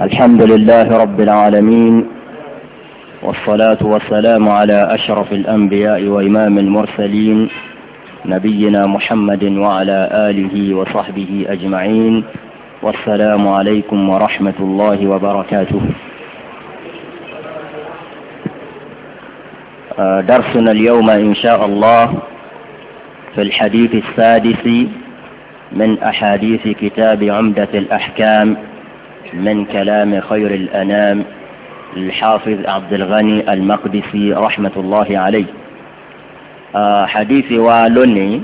الحمد لله رب العالمين والصلاة والسلام على أشرف الأنبياء وإمام المرسلين نبينا محمد وعلى آله وصحبه أجمعين والسلام عليكم ورحمة الله وبركاته آه، درسنا اليوم إن شاء الله في الحديث السادس من أحاديث كتاب عمدة الأحكام من كلام خير الأنام الحافظ عبد الغني المقدسي رحمة الله عليه حديث والوني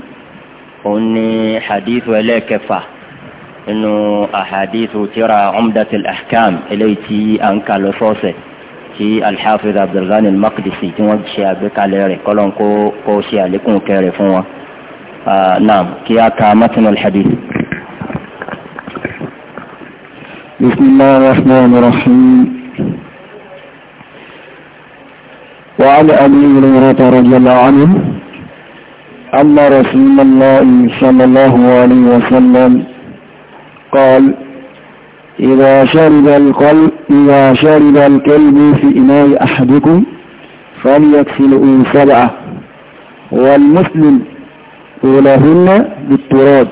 أني حديث لكفة إنه أحاديث ترى عمدة الأحكام التي أنكى لصوصه ti alḥafiz abdulghani makdisi tí wọn ṣe àgbékalẹ̀ rẹ̀ kọlọn kó kó ṣe àlékún kẹrẹ fún wọn. naam kí a ka بسم الله الرحمن الرحيم وعن أبي هريرة رضي الله عنه أن رسول الله صلى الله عليه وسلم قال إذا شرب القلب إذا شرب الكلب في إناء أحدكم فليكسله سبعة والمسلم أولهن بالتراب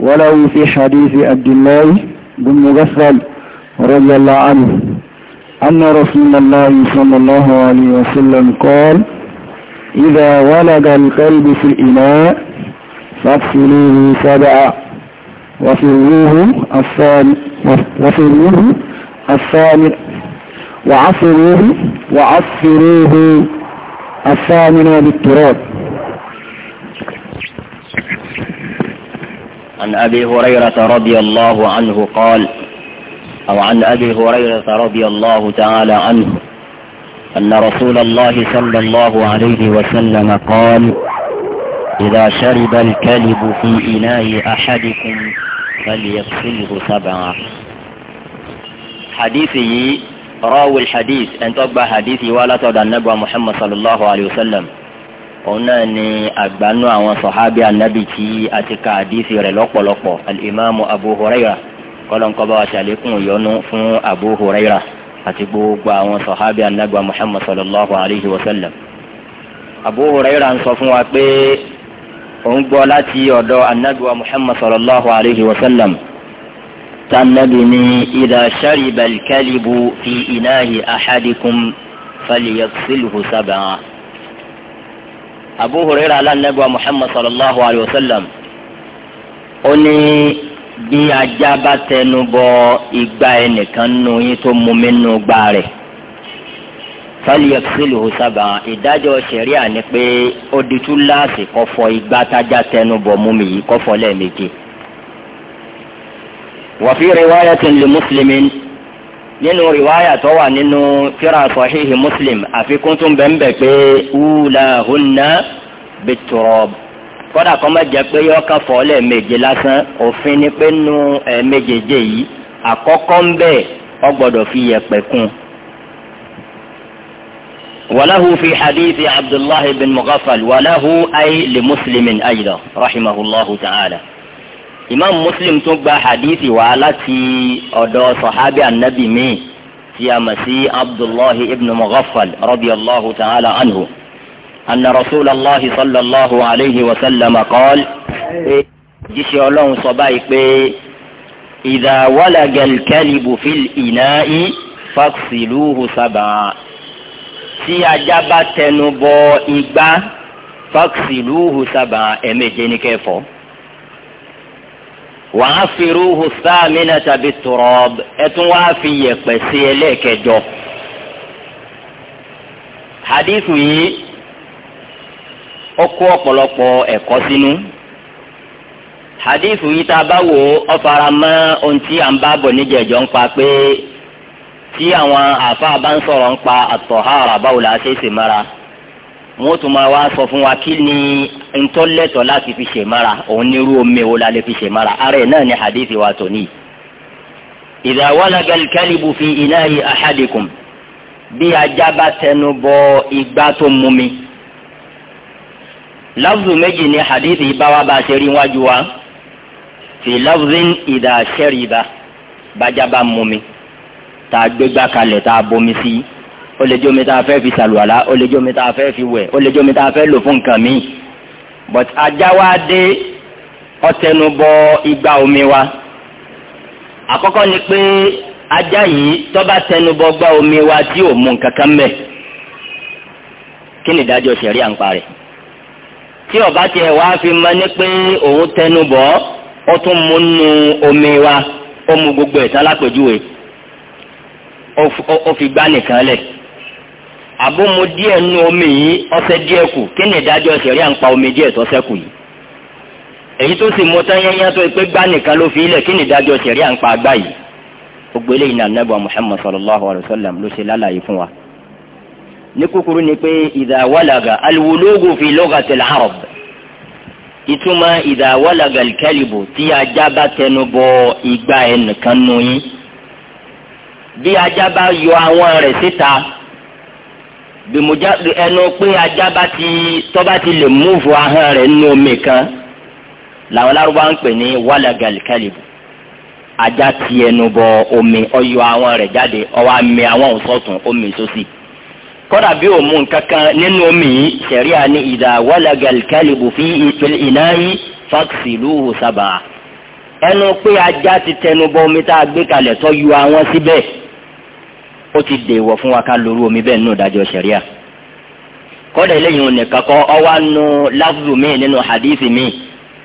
ولو في حديث عبد الله بن مغفل رضي الله عنه أن رسول الله صلى الله عليه وسلم قال إذا ولد القلب في الإناء فاغسلوه سبعا وفروه الثاني وفروه الثامن وعصروه وعصروه الثامن بالتراب عن أبي هريرة رضي الله عنه قال أو عن أبي هريرة رضي الله تعالى عنه أن رسول الله صلى الله عليه وسلم قال إذا شرب الكلب في إناء أحدكم فليغسله سبعا حديثي راوي الحديث أن تبع حديثي ولا تدى النبوة محمد صلى الله عليه وسلم òun náà ni àgbánú àwọn sọ̀hábí anábì tí a ti ka àdísì rẹ̀ lọ́pọ̀lọpọ̀ alìmáàmù abu huraira kọ́lọ́nkọ́ba wa ṣàlékún ìyọnu fún abu huraira àti gbogbo àwọn sọ̀hábí anábì wa muhammad sallallahu alayhi wa sallam. abu huraira ń sọ fún wa pé òun gbọ́ láti ọ̀dọ̀ anábì wa muhammad sallallahu alayhi wa sallam tànàbì ni ìdá sharibal kalibu fi ináhi ahadikum falyaghsilhu sab'a abu huraira alanabiwa muhammad sallallahu alayhi wa sallam ó ní bí ajá bá tẹnu bọ igbá ẹnìkan nù yín tó mumi nù gbá rẹ̀ fáliyẹsílù sábà ìdájọ́ ṣẹ̀ríà ni pé ó di tú láàsì kọfọ igbá tájá tẹnu bọ mumi yìí kọfọ lẹ́ẹ̀mejì wàfíìrì wáyà tí ń lu mùsùlùmí. nínú riwaya tó wà nínú kíra sahihi muslim afi kuntum bembe pé ula húnna biturab kódà kọ́ ma jẹ́ pé yọ ká le méje lásán òfin ni pé nu ẹ̀ méjèèjì yìí àkọ́kọ́ nbe bẹ̀ ọ gbọ́dọ̀ fi yẹ̀pẹ̀ kún. وله في حديث عبد الله بن مغفل وله أي لمسلم أيضا رحمه الله تعالى imam muslim tún gba hadithi wá láti ọ̀dọ̀ sahabi anabi mi tí a mọ̀ sí abdullahi ibn mughaffal radiyallahu ta'ala anhu anna rasulallah sallallahu alayhi wa sallam qaal pé jíṣẹ́ ọlọ́run sọ báyìí pé idha walaga al-kalibu fil ina'i faksiluhu sab'a tí ajá bá tẹnu bọ igbá faksiluhu sab'a ẹ̀mẹ́jẹ ní kẹfọ́ wàá fi rúhu sáàmìnà tàbí tùrọ̀b ẹ tún wàá fi yẹ̀pẹ̀ sí ẹlẹ́ẹ̀kẹjọ. hadithu yìí ó kó ọ̀pọ̀lọpọ̀ ẹ̀kọ́ sínú. hadithu yìí tá a bá wò ó fara mọ́ ohun tí à ń bá bọ̀ níjẹ̀jọ́ ń pa pé tí àwọn àáfàá bá ń sọ̀rọ̀ ń pa àtọ̀hárà báwo la ṣe é sì mọ́ra wọ́n tún máa wá sọ fún wa kí ni ntọ́lẹ́tọ̀ láti fi ṣèmára òun nírú omi wo la lè fi ṣèmára ara ẹ̀ náà ni hadithi wa tò níyì. idha walaga al-kalbu fi ina'i ahadikum bí ajá bá tẹnu bọ igbá tó mú mi. lafzu méjì ni hadithi bá bá ṣe rí wájú wa fi lafzin idha shariba bájá bá mú mi tá a gbégbá kalẹ̀ tá a bomi sí i ó lè jẹ́ omi tá a fẹ́ fi sàlùwàlá ó lè jẹ́ omi tá fi wẹ̀ ó lè jẹ́ omi tá a fẹ́ lò but ajá wa dé ọtẹnubọ igba omi wa àkọ́kọ́ ni pé ajá yìí tó bá tẹnubọ gba omi wa tí ò mu nǹkan kan mẹ́ kí ni ìdájọ́ sẹ̀rí à ń parẹ́ tí fi mọ ní pé òun tẹnubọ ó tún mú nu omi wa ó mu gbogbo ẹ̀ tán lápèjúwe fi gbá nìkan lẹ̀ àbómo díẹ̀ nu omi yìí ọ̀sẹ̀ díẹ̀ kù kí ni ìdájọ́ ṣẹ̀rí à ń pa omi díẹ̀ tọ́sẹ̀ kù yìí èyí tó sì mú tán yẹnyẹn tó pé gbá nìkan ló fi ilẹ̀ kí ni ìdájọ́ ṣẹ̀rí à ń pa agbá yìí gbogbo eléyìí ní anábọ̀ Muhammad sallallahu alayhi wa sallam ló ṣe lálàyé fún wa ní kúkúrú ni pé ìdáwálaga alwulugu fi lugati al-arab ìtumọ̀ ìdáwálaga al tí ajá bá tẹnu bọ igbá ẹnìkan nù yín bí ajá bá yọ àwọn rẹ̀ síta bìmùjá ẹnu pé ajá bá ti tọ́ba ti lè múùfù ahọ́n rẹ̀ nínú omi kan làwọn lárúbá ń pè ní wàlàgàlì kálíbù ajá ti ẹnu bọ omi ọyọ àwọn rẹ̀ jáde ọwọ́ àmì àwọn òsọ̀tún omi sósì kọ́dà bí òmu kankan nínú omi yìí sẹ̀ríà ní ìdá wàlàgàlì kálíbù fi ìpìlẹ̀ iná yìí fáksìlúhù sábà ẹnu pé ajá ti tẹnu bọ omi tá a gbé kalẹ̀ tọ́ yọ àwọn síbẹ̀. Si ó ti dèwọ̀ fún wa ká lóru omi bẹ́ẹ̀ nínú ìdájọ́ sẹ̀ríà kọ́dà eléyìí òun nìkan kọ́ ọ wá nu láfùrù míì nínú hadith míì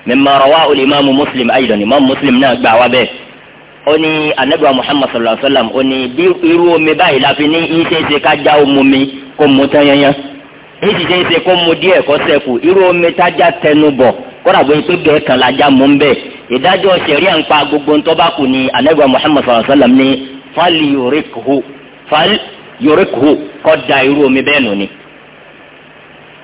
mimma rawahu al-imamu muslim aydan imam muslim náà gbà wá bẹ́ẹ̀ ó ní anabiwa muhammad sallallahu alayhi wa sallam ó ní bí irú omi báyìí la fi ní ìṣeéṣe ká já omi mi kó mu tán yanyan ìṣiṣeéṣe kó mu díẹ̀ kó ṣẹ́kù irú omi tájà tẹnu bọ̀ kọ́dà bóyá pé bẹ́ẹ̀ kan la já mu ń bẹ́ẹ̀ ìdájọ́ sẹ̀ríà ń pa gbogbo ntọ́bákù ni anabiwa muhammad sallallahu alayhi wa sallam ní fáliyòrèkó fal yorikhu kọda irú omi bẹ́ẹ̀ nù ni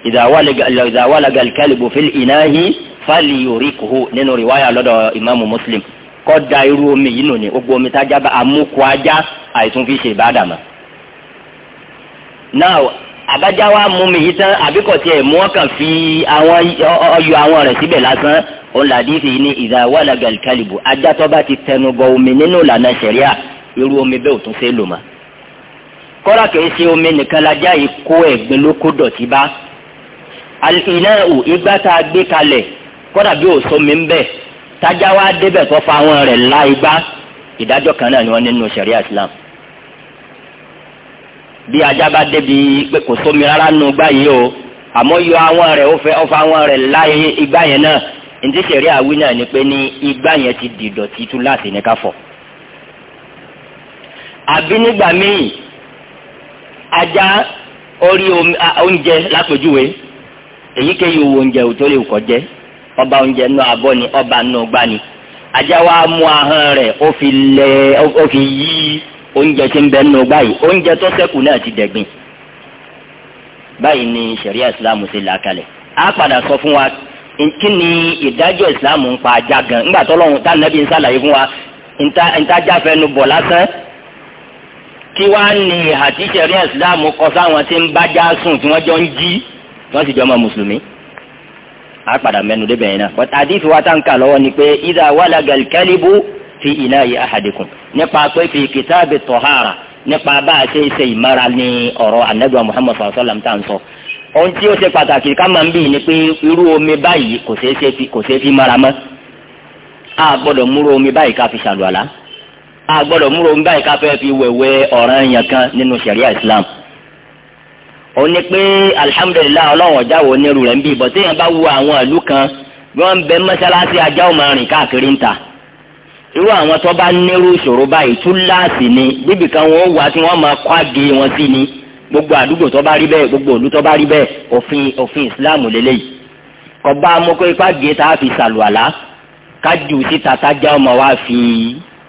ìdáwàlẹ̀ alikalibu fil inahi fal yorikhu nínú riwaya lọ́dọ̀ imaamu muslim kọda irú omi yìí nù ni gbogbo omi tájà bá amúkú ajá àìsùn fi ṣe ìbádàmà. now abájá wa mú mi yìí tán àbíkọ̀ tiẹ̀ mú ọkàn fi àwọn ọyọ àwọn rẹ̀ síbẹ̀ lásán òun làdí fi ní ìdáwàlẹ̀ alikalibu ajá tó bá ti tẹnu omi nínú ìlànà ṣẹ̀ríà irú omi bẹ́ẹ̀ ò tún ṣe lò máa kọ́ra kìí ṣe omi nìkan lajá yìí kó ẹ̀gbin ló kó dọ̀tí bá iná ò igbá tá a gbé kalẹ̀ kọ́ra bí òsomi ń bẹ̀ tájá wa débẹ̀ tó fa àwọn rẹ̀ la igbá ìdájọ́ kan náà ni wọ́n nínú sẹ̀ríà Islam bí ajá bá débi pé kò sómi rárá nù gbá yìí o àmọ́ yọ àwọn rẹ̀ ó fẹ́ ọ̀fọ̀ àwọn rẹ̀ la igbá yẹn náà ntí sẹ̀ríà wí náà ni pé ní igbá yẹn ti dìdọ̀tí tú láti ní ká àbí nígbà míì ajá orí oúnjẹ lápèjúwe èyíkéyìí owó oúnjẹ ò tó lè kọ́ jẹ́ ọba oúnjẹ náà abọ́ ni ọba náà gbá ni wa mú ahọ́n rẹ̀ ó fi lẹ ó fi yí oúnjẹ tí ń bẹ nù báyìí oúnjẹ ti dẹ̀gbìn báyìí ni ṣẹ̀ríà ìsìláàmù ṣe là kalẹ̀ á padà sọ fún wa kí ni ìdájọ́ ìsìláàmù ń pa ajá gan tó tá fún wa bọ̀ lásán kí wàá ní ìhà tí sẹ̀rí ẹ̀sìláàmù kọ sáwọn tí ń bájá sùn tí wọ́n jọ ń jí wọ́n sì jọ ọmọ mùsùlùmí a padà mẹ́nu débẹ̀ yẹn náà but àdìsí wa táǹkà lọ́wọ́ ni pé ìdá wàlágà kẹ́líbù fi iná yìí àhàdìkùn nípa pé fi kìtàbì tọ̀hárà nípa bá a ṣe ṣe ìmára ní ọ̀rọ̀ ànábì muhammad sallam tá à ń sọ ohun tí ó ṣe pàtàkì ká máa ń bì ní pé irú omi báyìí kò ṣeé fi mára mọ́ a gbọ́dọ̀ múrú omi báyìí ká fi ṣàlùwàlá a gbọ́dọ̀ múro ń báyìí ká fẹ́ fi wẹ̀wẹ́ ọ̀ràn yẹn kan nínú sẹ̀ríà islam ó ní pé alihamudulilayi ọlọ́run ọjà wo ní irú rẹ̀ ń bí bọ́ téèyàn bá wo àwọn ìlú kan bí wọ́n ń bẹ mọ́sálásí ajá ò máa rìn káàkiri ń ta irú àwọn tó bá nírú ìṣòro báyìí túláàsì ni bíbì kan wọn ó wá tí wọ́n máa kọ́ àgé wọn sí ni gbogbo àdúgbò tó bá rí bẹ́ẹ̀ gbogbo òlú tó bá rí bẹ́ẹ̀ òfin òfin ìsìláàmù lélẹ́yìí kọba amókó ipá gé tá a fi sàlùwàlá kájú síta tájá ọmọ wa fi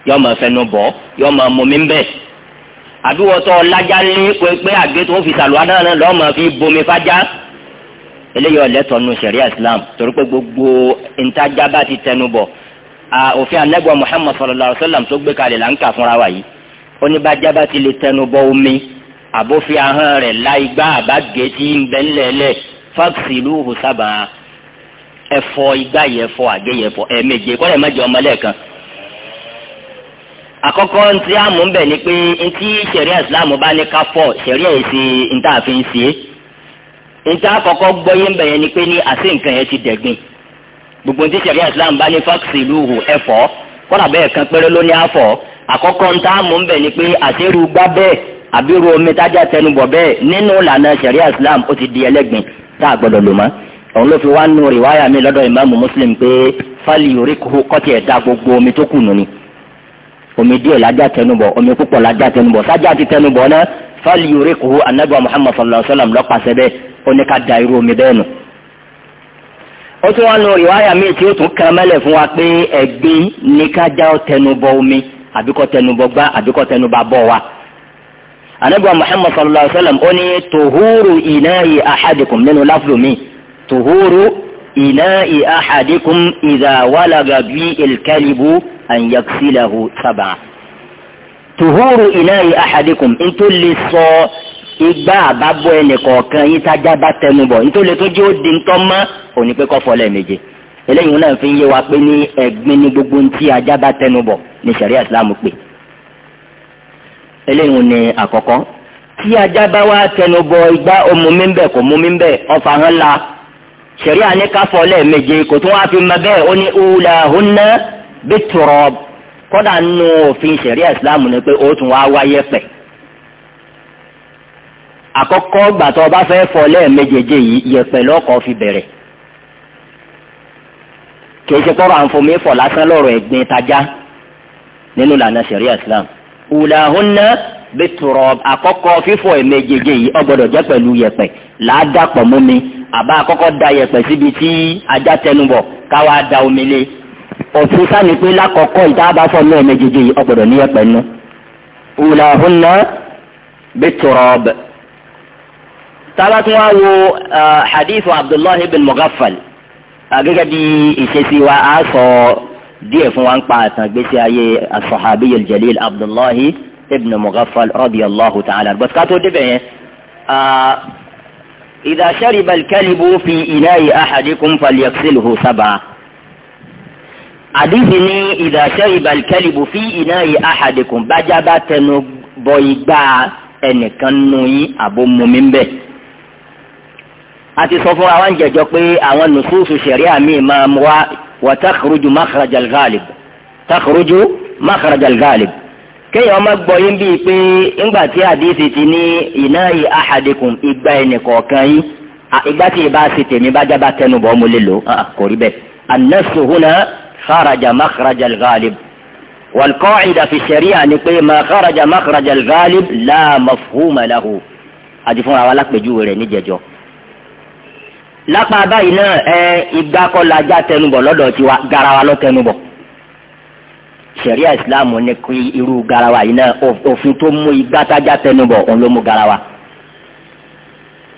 yọ máa fẹnu bọ̀ yọ máa mọmi bẹ àbíwọtọ ọlájà ní pé àgbẹ tó ń fi sàlùwà náà náà lọ máa fi bomi fájá eléyìí ọlẹtọ nu sẹríà islam torí pé gbogbo ntajà bá ti tẹnu bọ̀ òfin anagba muhammad sallallahu alaihi wa sallam tó gbé kalẹ̀ là ń kà fúnra wa yìí ó ní bájá bá ti lè tẹnu bọ̀ omi àbófin ahọ́n rẹ̀ láì gbá àbá gẹ̀ẹ́tì fáksì lóhùn sábà ẹfọ igbá yẹfọ àgẹyẹfọ ẹ̀ẹ̀méje kọlẹ mẹjọ ọmọlẹ akọkọ ntí amụ ń bẹ̀ ni pé ntí islam bá ní ká fọ̀ sẹ̀ríà èsì ntá àfin sí é ntí àkọ́kọ́ gbọ́yé ń yẹn ni pé ní àti nǹkan yẹn ti gbogbo ntí sẹ̀ríà islam bá ní fáksì efọ ẹ̀fọ́ kọ́nà kan péré ló ní ntí ni pé àṣírí gbá àbírú omi tájà islam ó ti di tá a lò òun ló fi mi lọdọ omi díẹ̀ lájà tẹnubọ̀ omi púpọ̀ lájà tẹnubọ̀ sájà ti tẹnubọ̀ náà fali yorì kuhu anabiwa muhammad sallallahu alaihi wa sallam lọ́pàṣẹ bẹ́ẹ̀ ó ní ká da irú omi bẹ́ẹ̀ nù. ó tún wọn lò rìwáyà míì tí ó tún kàn mẹ́lẹ̀ fún wa pé ẹ̀gbin ní kájà ó tẹnubọ̀ omi àbíkọ́ tẹnubọ̀ gbá àbíkọ́ tẹnubọ̀ bọ̀ wa. anabiwa muhammad sallallahu alaihi wa sallam ó ní tuhuru ìnáyì ahadikum nínú láfùlùmí tuhuru إناء أحدكم إذا ولغ بي الكلب أن يغسله سبعا tuhuru ìnáyì ahadikum nítorí lè sọ igbá àbábọ̀ ẹnìkọ̀ọ̀kan yín tájá bá tẹnu bọ̀ nítorí tó jẹ́ ó di ńtọ́ mọ́ òní pé kọ́ fọlẹ́ méje eléyìí náà fi ń yé wa pé ní ẹ̀gbin ní gbogbo ntí ajá bá tẹnu ní sẹ̀rí islam pè eléyìí ni àkọ́kọ́ tí ajá bá wá tẹnu igbá ó mú mi ń bẹ̀ kò mú mi ń bẹ̀ ọ̀fà sẹ̀ríà ní káfọ́ lẹ́ẹ̀méje kò tún wá fi mọ bẹ́ẹ̀ ó ní ula hunna biturab kọ́dà nínú òfin sẹ̀ríà ìsìláàmù ni pé ó tún wá wáyé pẹ̀ àkọ́kọ́ gbàtọ́ ọba fẹ́ fọ lẹ́ẹ̀méjèèje yìí yẹ̀pẹ̀ lọ́kọ̀ fi bẹ̀rẹ̀ kì í ṣe kọ́rọ̀ àǹfọ̀mí fọ̀ lásán lọ́rọ̀ ẹ̀gbin tajá nínú ìlànà sẹ̀ríà islam àbá àkọ́kọ́ da yẹ̀pẹ̀ síbi tí ajá tẹnubọ̀ káwa da omi lé òfin sáni pé lákọ̀ọ́kọ́ ìdábàfọ̀ náà méjèèjì ọ̀gbọ̀dọ̀ ní yẹ̀pẹ̀ nù. wùlàhùnà biturab tàbá tún wá wo hadith abdullahi ibn mughaffal gẹ́gẹ́ bí ìṣesí wa a sọ díẹ̀ fún wa ń pa àtàn gbèsè ayé asahabi aljalil abdullahi ibn mughaffal radiyallahu ta'ala bọ́sí ká tó débẹ̀ yẹn إذا شرب الكلب في إناء أحدكم فليغسله سبعا àdìsí ní ìdàṣẹ́ ìbàlìkẹ́lìbù fi iná yìí àhàdìkùn bájá bá tẹnu bọ igbá ẹnìkan nù yín àbómumi ń bẹ̀. a ti sọ fún àwọn jẹjọ pé àwọn nùsùsù sẹ̀ríà míì máa wa wà tákàrújú mákàràjà gàlìb tákàrújú kéèyàn má gbọ́ yín bíi pé ńgbà tí àdìsí ti ní iná ahadikum ìgbà ẹnìkọ̀ọ̀kan yín ìgbà tí ìbá ṣe tèmi bá jábá tẹnu bọ́ mo lè lò kò rí bẹ́ẹ̀ annasu huna kharaja makhraja al-ghalib fi sharia ni pé ma kharaja makhraja al-ghalib la mafhuma lahu àti rẹ̀ níjẹ̀jọ́ lápá báyìí náà ẹ ìgbà kọ́ la já tẹnubọ̀ lọ́dọ̀ tiwa garawa lọ́ tẹnubọ̀ sẹ̀ríà ìsìláàmù ni kí irú garawa yìí náà òfin tó mú igbá tájà tẹnubọ̀ òun ló mú garawa.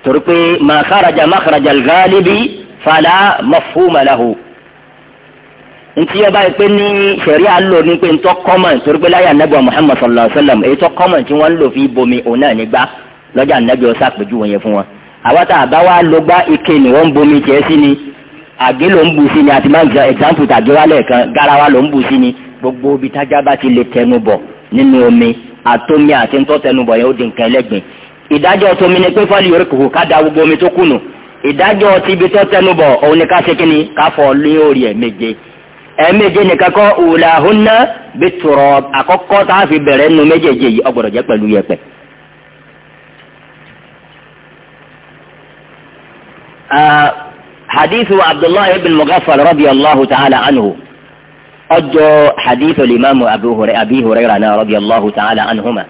torí pé ma kharaja makhraja al-ghalibi fala mafhuma lahu. ntí yẹ báyìí pé ní sẹ̀ríà lò ní pé ntọ́ kọ́mọ̀ torí pé láyà nàbọ̀ muhammad sallallahu alayhi wa sallam èyí tó kọ́mọ̀ tí wọ́n ń lò fi bomi òun náà nígbà lọ́jà nàbẹ̀ ọ̀sà pẹ̀jú wọn yẹn fún wọn. àwa tá a gbá ike ni wọ́n ń bomi tiẹ̀ sí ni àgé ló ń bu sí ni àti máa ń example tàgé wálẹ̀ kan garawa ló ń bu sí ni gbogbo ibi tájá bá ti lè tẹnubọ̀ nínú omi àtomi àti ntọ́ tẹnubọ̀ yẹn ó di nǹkan ẹlẹ́gbìn ìdájọ́ tómi ni pé fọ́ọ̀lì yorùbá kò ká da gbogbo omi tó kùnù ìdájọ́ ti ibi tó tẹnubọ̀ òun ni ká ṣe kí ni ká fọ lórí ẹ̀ méje ẹ̀ méje nìkan kọ́ òòlà húnná bí tùrọ̀ àkọ́kọ́ tá a fi bẹ̀rẹ̀ nu méjèèjì yìí ọgbọ̀dọ̀ jẹ́ pẹ̀lú yẹ̀pẹ̀. Ah, hadithu abdullahi ibn mughaffal radiyallahu ta'ala anhu ọjọ́ hadith limamu abi huraira náà radiyallahu ta'ala anhuma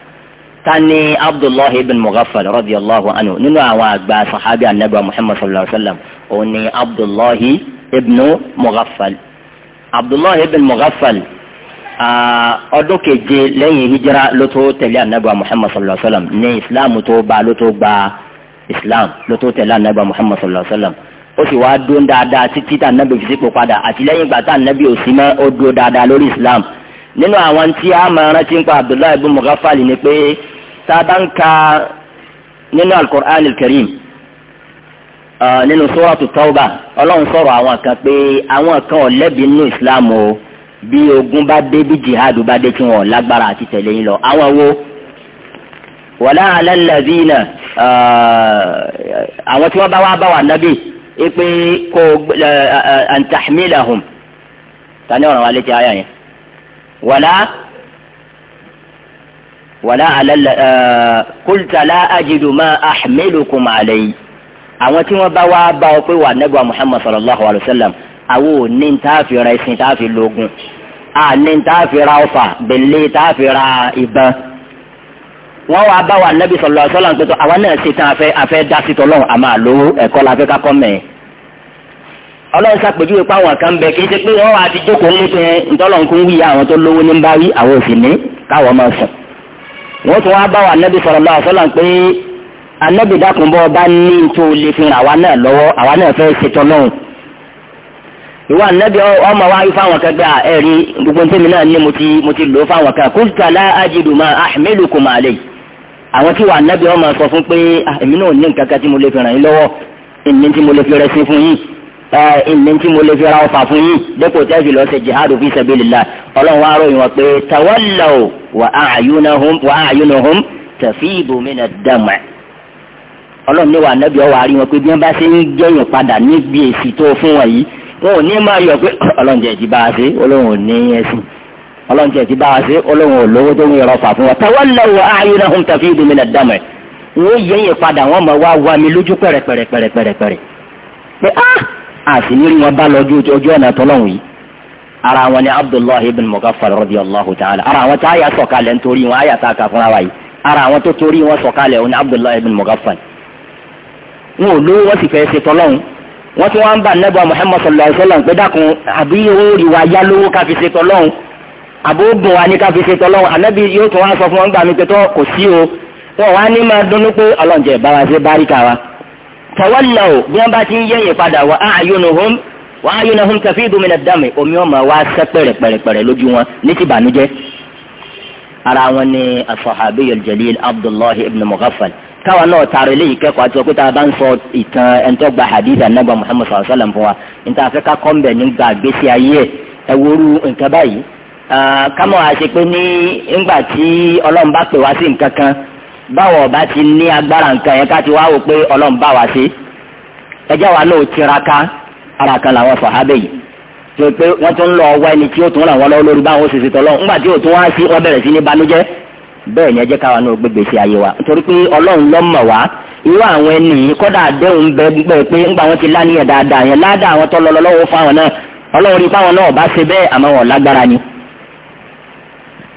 tani abdullahi ibn mughaffal radiyallahu anhu nínú àwọn àgbà sahabi anabi muhammad sallallahu alaihi wa sallam òun ni abdullahi ibn mughaffal abdullahi ibn mughaffal ọdún keje lẹ́yìn hijira ló tó tẹ̀lé anabi muhammad sallallahu alaihi wa sallam ní islam tó bá ló tó gba islam ló tó tẹ̀lé anabi muhammad sallallahu alaihi wa sallam ó sì wá dún dáadáa títí tá nàbì fi sípò padà àti lẹ́yìn ìgbà tá nàbì ò sí mọ́ ó dúró dáadáa lórí islam nínú àwọn tí a máa rántí ń pa abdullahi ibn mughaffal ni pé tá a bá ń ka nínú alukur'an karim nínú sóràtú tọ́wọ́bà ọlọ́run sọ̀rọ̀ àwọn kan pé àwọn kan ò lẹ́bi nínú islam o bí ogun bá dé bí jihad bá dé tí wọn lágbára àti tẹ̀lé yín lọ àwọn wo wàlá alẹ́ lẹ́bí náà àwọn tí wọ́n bá wá bá wà nábì ipe kò antahmilahum tani ọ̀ràn wa létí ayà yẹn wàlá wàlá alẹ́lẹ́ kúltàlá ajidùmá ahmilukum alayhi àwọn tí wọ́n bá wá bá ọ pé wà nẹ́gbà muhammad sallallahu alayhi wa sallam àwọn ò ní ta ra ẹṣin ta fi lógun à ra ọfà bẹ̀lẹ́ ta ra ìbọn wọ́n wá bá wa nẹ́bí sọ̀lọ́ sọ́lá pé tó àwa náà ṣe tán afẹ́ afẹ́ dá sí tọ́lọ́ àmà ló ẹ̀kọ́ la fẹ́ ká kọ́ mẹ́. ọlọ́run ṣàpèjúwe pé àwọn kan bẹ kì í ṣe pé wọ́n wá ti jókòó ní pé ntọ́lọ́ nǹkan wí àwọn tó lówó ní bá wí àwọn òsì ní káwọn máa sùn. wọ́n tún wá bá wa nẹ́bí sọ̀lọ́ sọ́lá pé anẹ́bí dákúnbọ́ bá ní tó lè fi ràn àwa náà lọ́wọ́ àwa náà fẹ́ ṣe tọ́lọ́ ìwà nẹ́bí ọmọ wa yí fáwọn kan gbà ẹ̀rí gbogbo ntẹ́mi náà ní mo ti lò fáwọn kan kúlítà láàjì dùmọ̀ àhìmẹ́lùkùmọ̀ yìí àwọn tí wàá nábì wọn máa sọ fún pé ah, èmi náà ní nǹkan kan tí mo lè fi ràn yín lọ́wọ́ èmi tí mo lè fi rẹsìn fún yín èmi eh, tí mo lè fi ra ọfà fún yín dépò tẹ́sí lọ ṣe jihad fi sabilillah ọlọ́run wa ròyìn wọn pé tawallaw wa a'yunuhum tafidu min ad-dam' ọlọ́run ní wàá nábì wọn wàá rí wọn pé bí wọ́n bá ṣe ń jẹ́yìn padà níbi èsì tó fún wọn yìí wọn ò ní máa yọ pé ọlọ́run jẹ́ ìdí bá a ṣe ọlọ́run ò ní ẹ̀sìn ọlọ́run tiẹ̀ ti bá wa sí ọlọ́run olówó tó ń yọrọ fà fún wa tawallahu a'yunahum tafidu min ad-dam wọ́n yẹ yẹn padà wọ́n mọ̀ wá wá mi lójú pẹ̀rẹ̀pẹ̀rẹ̀pẹ̀rẹ̀pẹ̀rẹ̀ pé á ah! àsìnírí wọn bá lọ ojú ojú ọ̀nà tọ́lọ́run yìí ara wọn ni abdullahi ibn mughaffal radiyallahu ta'ala ara wọn tá àyà sọ̀kalẹ̀ nítorí wọn àyà tá a kà fúnra wa yìí ara àwọn tó torí wọn sọ̀kalẹ̀ òun ni abdullahi ibn mughaffal wọn ò lówó wọn sì fẹ́ ṣe tọ́lọ́run wọ́n tún wá ń bá nẹ́bà muhammad sallallahu alayhi wa sallam pé dákun àbí orí wa yá lówó káfíṣe tọ́lọ́run àbóògùn wa ní ká fi ṣe tọ́lọ́wọ́ ànábì yóò tún wá sọ fún wọn gbà mí pé tó kò sí o wọn wá ní máa dunnú pé ọlọ́njẹ bára ṣe báríkà wa. tọ́wọ́lá o bí wọ́n bá ti ń yẹ̀yìn padà wá àyùnúhùn wá àyùnúhùn tafidu min ad-dami omi ọmọ wa sẹ́ pẹ̀rẹ̀pẹ̀rẹ̀ lójú wọn ní ti bànújẹ́. ara wọn ni as-sahabi abdullahi ibn mughaffal káwa náà taara eléyìí kẹ́kọ̀ọ́ àti ọkùnrin tá a bá ń sọ ìtàn ẹ̀ńtọ́gba hadith anagba muhammad sallallahu alayhi wa sallam fún wa níta afẹ́ ká kọ́ ń nígbà gbèsè ayé ẹ̀ wọ́rú nǹkan báyìí kámọ́ àṣẹ pé ní ńgbà tí ọlọ́run bá pè wá sí nǹkan kan ọba ti ní agbára nǹkan yẹn ká ti wá wò pé ọlọ́run bá wá sí ẹjẹ́ wa tiraka ara kan làwọn sọ̀hábẹ́ yìí tó pé wọ́n tún lọ wá ẹni tí ó tún ràn wọ́n lọ́wọ́ lórí báwọn òṣìṣẹ́ tọ́lọ́ ńgbà tí ó tún wá sí wọ́n bẹ̀rẹ̀ sí ní banújẹ́ bẹ́ẹ̀ ni ẹjẹ́ káwa náà gbégbé sí ayé wa torí pé ọlọ́run mọ̀ wá irú àwọn ẹni yìí kọ́dà àdéhùn bẹ gbẹ pé wọn ti dáadáa yẹn ládàá àwọn ọba ṣe bẹ́ẹ̀ àmọ́ wọn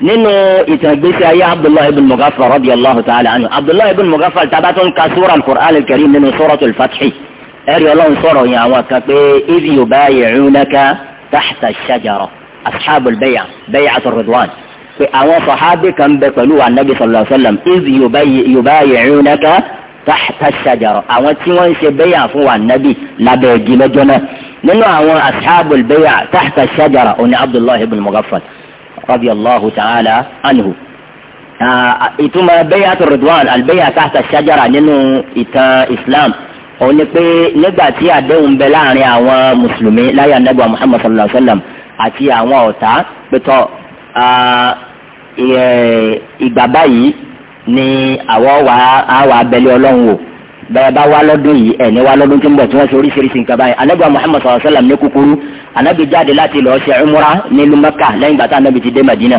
nínú ìtàgbésí ayé abdullah ibn mughaffal radiyallahu ta'ala anhu abdullah ibn mughaffal tabatun ka sura alquran alkarim al-karim nínú suratul fathi ẹ̀rí ọlọ́run sọ̀rọ̀ yin àwọn kan pé idh yubayi'unaka tahta ash-shajara ashabul bay'a bay'atur ridwan pé àwọn sọ̀hábì kan bẹ pẹ̀lú anabi sallallahu alaihi wa sallam idh yubayi'unaka tahta ash-shajara àwọn tí wọ́n ṣe bay'a fún wa anabi lábẹ́ igi lọ́jọ́ náà nínú àwọn ashabul bay'a tahta ash-shajara òní abdullah ibn mughaffal radiyallahu ta'ala anhu. ìtumọ̀ bay'atu ridwan albẹ́yà tahta shajara nínú ìtàn islam òun ni pé nígbà tí àdéhùn bẹ láàrin àwọn mùsùlùmí láyé anábọ̀ muhammad sallallahu alayhi wa sallam àti àwọn ọ̀tá pẹ̀tọ́ ìgbà báyìí ni àwọn àwa abẹ́lé ọlọ́run wò bẹ́ẹ̀ bá wá lọ́dún yìí ẹ̀ ní wá lọ́dún tó ń bọ̀ tí wọ́n ṣe oríṣiríṣi nǹkan báyìí anabi muhammad sallallahu alayhi wa sallam ní kúkúrú anabi jáde láti lọ ṣe umra nílùú mẹ́kà lẹ́yìn gbàtà anabi ti dé madina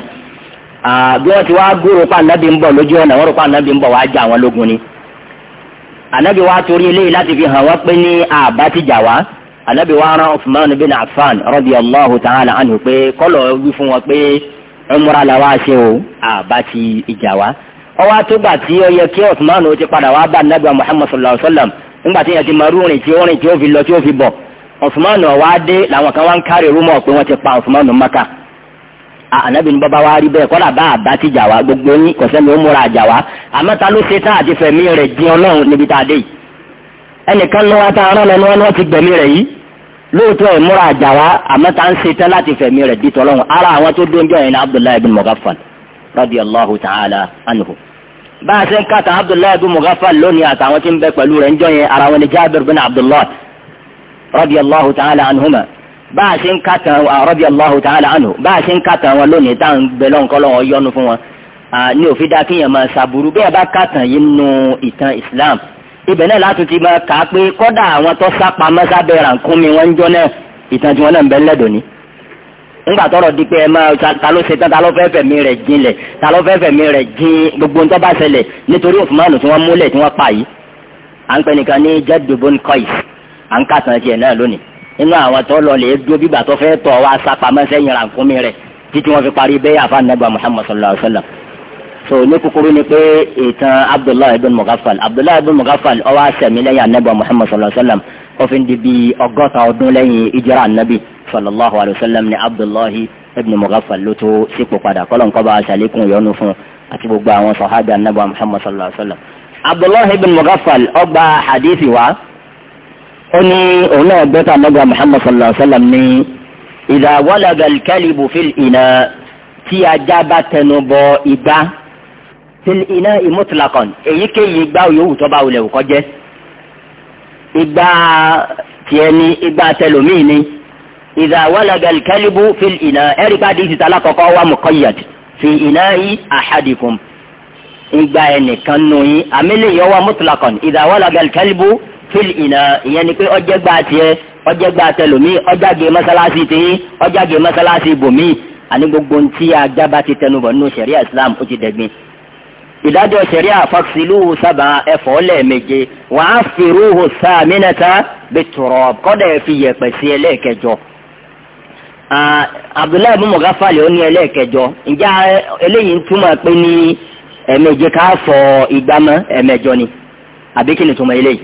bí wọ́n ti wá gbúrò pa anabi ń bọ̀ lójú ọ̀nà wọ́n rò pa anabi ń bọ̀ wá jà wọ́n lógun ni anabi wa torí eléyìí láti fi hàn wọ́n pé ní àbá ti jà wá anabi wa ran Uthman bin Affan radiyallahu ta'ala anhu pé kọ́lọ̀ wí fún wọn pé umra la ṣe o àbá ti ìjà wá ọwọ́ àtúgbà tí ó yẹ kí Usman ó ti padà wá bá nàgbà Muhammad sallallahu alayhi wa sallam nígbà tí yẹn ti marú rìn tí ó rìn tí ó fi lọ tí ó fi bọ̀ Usman ọ̀wá dé làwọn kan wá ń kárì rúmọ̀ pé wọ́n ti pa Usman maka ànábì ní bàbá wa rí bẹ́ẹ̀ kọ́lá bá àbá ti jà wá gbogbo yín kò sẹ́ni ó múra àjà wá àmọ́ ta ló ṣe tá àti fẹ̀mí rẹ̀ di ọlọ́run níbi tá a dé yìí ẹnìkan ló wá tá a rán lọ ní wọn lóòótọ́ ẹ̀ múra àjà ń ṣe tán láti fẹ̀mí rẹ̀ di tọ́lọ́run ara àwọn tó dóńjọ́ yẹn ní Abdullahi bin Mughaffal radiyallahu ta'ala anhu. bá a ṣe ń kàtà abdullahi bin mughaffal lónìí àtàwọn tí ń bẹ pẹ̀lú rẹ̀ ń jọ yẹn ara wọn ni jabir bin abdullahi radiyallahu ta'ala anhuma bá a ṣe ń kàtà ah, radiyallahu ta'ala anhu bá a ṣe ń kàtà wọn lónìí tá à ń bẹ lọ́nkọ́lọ́wọ́ yọnu fún wọn ní òfin dá kíyàn máa ṣàbùrú bẹ́ẹ̀ bá kàtà yìí nù ìtàn islam ibẹ̀ náà láti ti máa kà pé kọ́dà àwọn tó sápamọ́ sábẹ́ rànkúnmi wọn ń jọ náà ìtàn tí wọn náà ń bẹ lẹ́dọ̀ọ́ ni ńgbà tọrọ di pé ẹ máa ta ló ṣe tán ta ló fẹ́ fẹ̀mí rẹ̀ jinlẹ̀ ta ló fẹ́ fẹ̀mí rẹ̀ jin gbogbo nǹkan bá ṣẹlẹ̀ nítorí òfúnmáàlù tí wọ́n múlẹ̀ tí wọ́n pa yìí à ń pẹ́ nìkan ní jẹ́dùbọ́n kọ́ìs à ń kàtàn tiẹ̀ náà lónìí inú àwọn tó lọ lè dúró bígbà tó fẹ́ tọ̀ wá sápamọ́ sẹ́yìn rànkúnmí rẹ̀ títí wọ́n fi parí bẹ́ẹ̀ àfa nàgbà Muhammad sallallahu alayhi wa sallam so ní kúkúrú ni pé ìtàn Abdullahi ibn Mughaffal Abdullahi ibn Mughaffal ọwọ́ àṣẹmí lẹ́yìn anabi Muhammad sallallahu alayhi wa sallam ó fi ń di bíi ọgọ́ta ọdún lẹ́yìn ìjírà anabi sallallahu alayhi wa sallam ni abdullahi ibn mughaffal ló tó sípò padà kọ́lọ̀ nǹkan bá aṣàlékún ìyọnu fún àti gbogbo àwọn sọ̀hádà nàbà muhammad sallallahu alayhi wa sallam abdullahi ibn mughaffal ọgbà hadithi wa ó ní òun náà gbẹ́ta nàbà muhammad sallallahu alayhi wa sallam ní idha walaga al fil ina tí ajá bá tẹnu bọ igbá fil ina mutlaqan èyíkéyìí igbá yòówù tó bá wulẹ̀ wù kó jẹ́ igbá tiẹ̀ ni igbá tẹlòmíì idha walaga al-kalbu fil ina ẹ̀rí pàdé ìsìtà alákọ̀ọ́kọ́ wa muqayyad fi ina'i ahadikum ìgbà ẹnìkan nù yín àmìlẹ̀ yọ wa mutlaqan idha walaga al-kalbu fil ina ìyẹn ni pé ọjẹ́ gbà tiẹ̀ ọjẹ́ gbà tẹlomi ọjàgé mọ́sálásí tiyín ọjàgé mọ́sálásí bòmí àní gbogbo ntí ajába ti tẹnubọ̀ nù sẹ̀ríà Islam ó ti dẹ̀gbin ìdájọ́ sẹ̀ríà fọ́ksìlúhù sábà ẹ̀fọ́ lẹ́ẹ̀méje wàá fìrúhù sáà mínẹ́ta bìtùrọ̀ kọ́dà ẹ̀ fi yẹ̀pẹ̀ sí ẹlẹ́ẹ̀kẹjọ. Ah, abdullahi ibn mugafali ó ní ẹlẹ́ẹ̀kẹjọ ǹjẹ́ ah, eléyìí ń túmọ̀ pé ní ẹ̀mẹ̀jẹ ká fọ ìgbà mọ́ ni àbí kí ni túmọ̀ eléyìí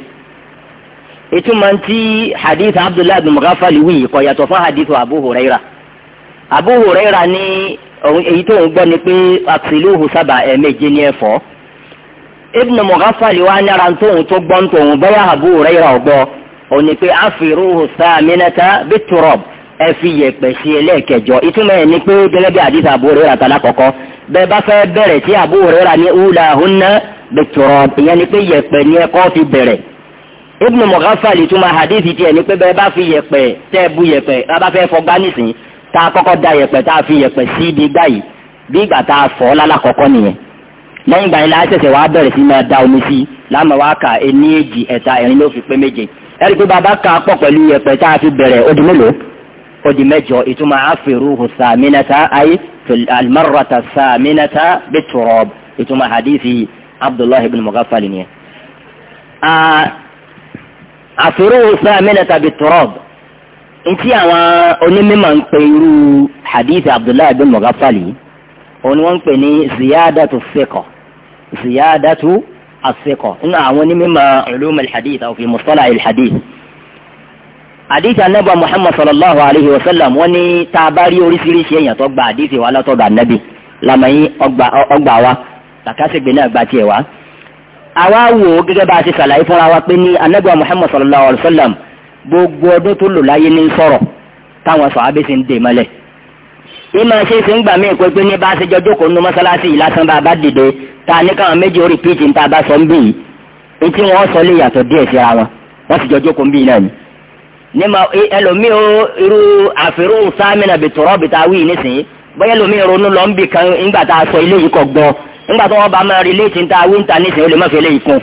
ìtumọ̀ tí hadith abdullahi ibn mugafali wí kò yàtọ̀ fún hadith abu huraira abu huraira ní èyí tó ń gbọ́ ni pé àtìlúhù sábà ẹ̀mẹ̀jẹ ni ẹ̀fọ́ ibn mugafali wa nára tóun tó gbọ́n tóun bẹ́yà abu huraira ọ̀gbọ́ òní pé àfìrúhù sáà mínátà bit turab ẹ fi yẹ̀pẹ̀ sí ẹlẹ́ẹ̀kẹjọ ìtumọ̀ ẹ̀ ni pé gẹ́gẹ́ bí àdìsá àbúrò rẹ̀ àtàlà kọ̀kọ́ bẹ́ẹ̀ bá fẹ́ bẹ̀rẹ̀ tí àbúrò rẹ̀ rà ní ula hunna bẹ̀tọ̀rọ̀ ìyẹn ni pé yẹ̀pẹ̀ ni ẹ kọ́ fi bẹ̀rẹ̀ Ibn Mughaffal ìtumọ̀ àdìsí tiẹ̀ ni pé bẹ́ẹ̀ bá fi yẹ̀pẹ̀ tẹ́ bu yẹ̀pẹ̀ bá fẹ́ fọgbá nísìnyí tá a kọ́kọ́ da yẹ̀pẹ̀ tá a fi yẹ̀pẹ̀ sí ibi gbá yìí bí ìgbà tá a fọ́ lálàkọ́kọ́ nìyẹn lẹ́yìn ìgbà yẹn la ṣẹ̀ṣẹ̀ wá bẹ̀rẹ̀ sí máa da omi sí láàmú wa kà ení èjì ẹ̀ta ló fi pé méje ẹ̀rí pé bàbá kà á pọ̀ pẹ̀lú yẹ̀pẹ̀ tá a fi bẹ̀rẹ̀ ó mélòó ó di mẹ́jọ ìtumọ̀ àfẹrù sàmínata ayé almarata sàmínata biturab ìtumọ̀ hadithi abdullahi ibn mughaffal ni. àfẹrù sàmínata biturab ntí àwọn onímọ̀ ń pè irú hadithi abdullahi ibn mughaffal yìí òun wọ́n ń pè ní ziyadatu thiqa ziyadatu as-thiqa nínú àwọn onímọ̀ ulum al-hadith aw fi mustalah al àdìsí anábà muhammad sallallahu alayhi wa sallam wọ́n ní tá a bá rí oríṣiríṣi èèyàn tó gba àdìsí wa látọ̀dọ̀ anábì lamẹ́yìn ọgbà wa làkàṣègbè náà gba tiẹ̀ wa. àwa wò ó gẹ́gẹ́ bá a ti ṣàlàyé fúnra wa pé ní anábà muhammad sallallahu alayhi wa sallam gbogbo ọdún tó lò láyé ní sọ̀rọ̀ táwọn sọ̀ abẹ́sẹ̀ ń dè mọ́lẹ̀ ìmọ̀ ṣe ṣe ń gbà mí pé pé ní bá a ṣe jọ jókòó nínú mọ́ṣáláṣí yìí níma ẹlòmíì ó irú àfẹ́rò sámìnà bìtọ̀rọ̀ bìtà wíì nísìnyí bóyá ẹlòmíì ronú lọ ń bì kan ńgbà tá a sọ ilé yìí kọ gbọ́ ńgbà tó wọn bá máa rí léètì tá wí ń ta nísìnyí ó lè má fi eléyìí kún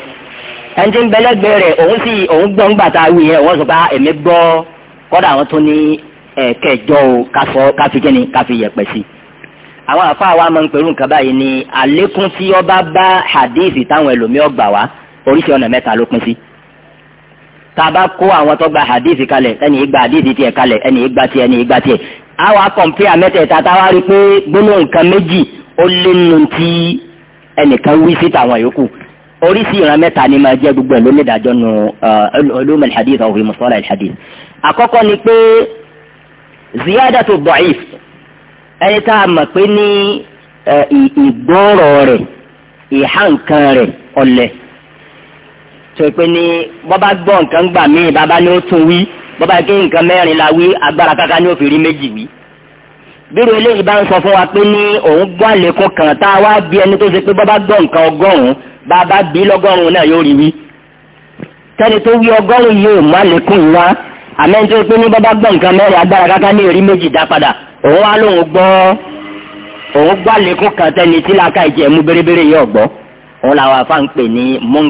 ẹni tí ń bẹlẹ́gbẹ́ rẹ̀ òun sì òun gbọ́ ńgbà tá a wí yẹn wọ́n sọ pé ah, èmi gbọ́ kọ́dà àwọn tó ní ẹ̀ẹ́kẹjọ́ o káfọ́ káfi kíni káfi yẹ̀pẹ̀ sí i àwọn àfa wa máa ń pẹ̀lú nǹkan báyìí ni àlékún tí ọba bá hadith táwọn ẹlòmíọ́ gbà wá oríṣi ọ̀nà mẹ́ta ló pín sí tá a bá kó àwọn tó gba hadithi kalẹ̀ ẹni ìgbà hadithi tiẹ̀ kalẹ̀ ẹni ìgbà tiẹ̀ ẹni ìgbà tiẹ̀ a wá kọ̀mpíà mẹ́tẹ̀ẹ̀ta tá a wá rí pé gbólóhùn nǹkan méjì ó lé nínú tí ẹnìkan wí sí tàwọn yòókù oríṣi ìran mẹ́ta ni máa jẹ́ gbogbo ẹ̀ ló ní ìdájọ́ nu uh, ulumul hadith aw fi hadith àkọ́kọ́ ni pé ziyadatu da'if ẹni tá a mọ̀ pé ní uh, ìgbọ́rọ̀ rẹ̀ ìhà rẹ̀ ọ̀lẹ́ sọ pé ní bọ́bá gbọ́ nǹkan gbà míì bàbá ni ó tún wí bọ́bá ké nǹkan mẹ́rin la wí agbára kankan ni ó fi rí méjì wí. bírò eléyìí bá ń sọ fún wa pé ní òun gbọ́ àlékún kan tá a wá bí ẹni tó ṣe pé bọ́bá gbọ́ nǹkan ọgọ́rùn-ún bàbá bí lọ́gọ́rùn-ún náà yóò rí wí. tẹ́ni tó wí ọgọ́rùn-ún yóò má lékún yìí wá àmẹ́ni tó pé ní bọ́bá gbọ́ nǹkan mẹ́rin agbára kankan ni èrí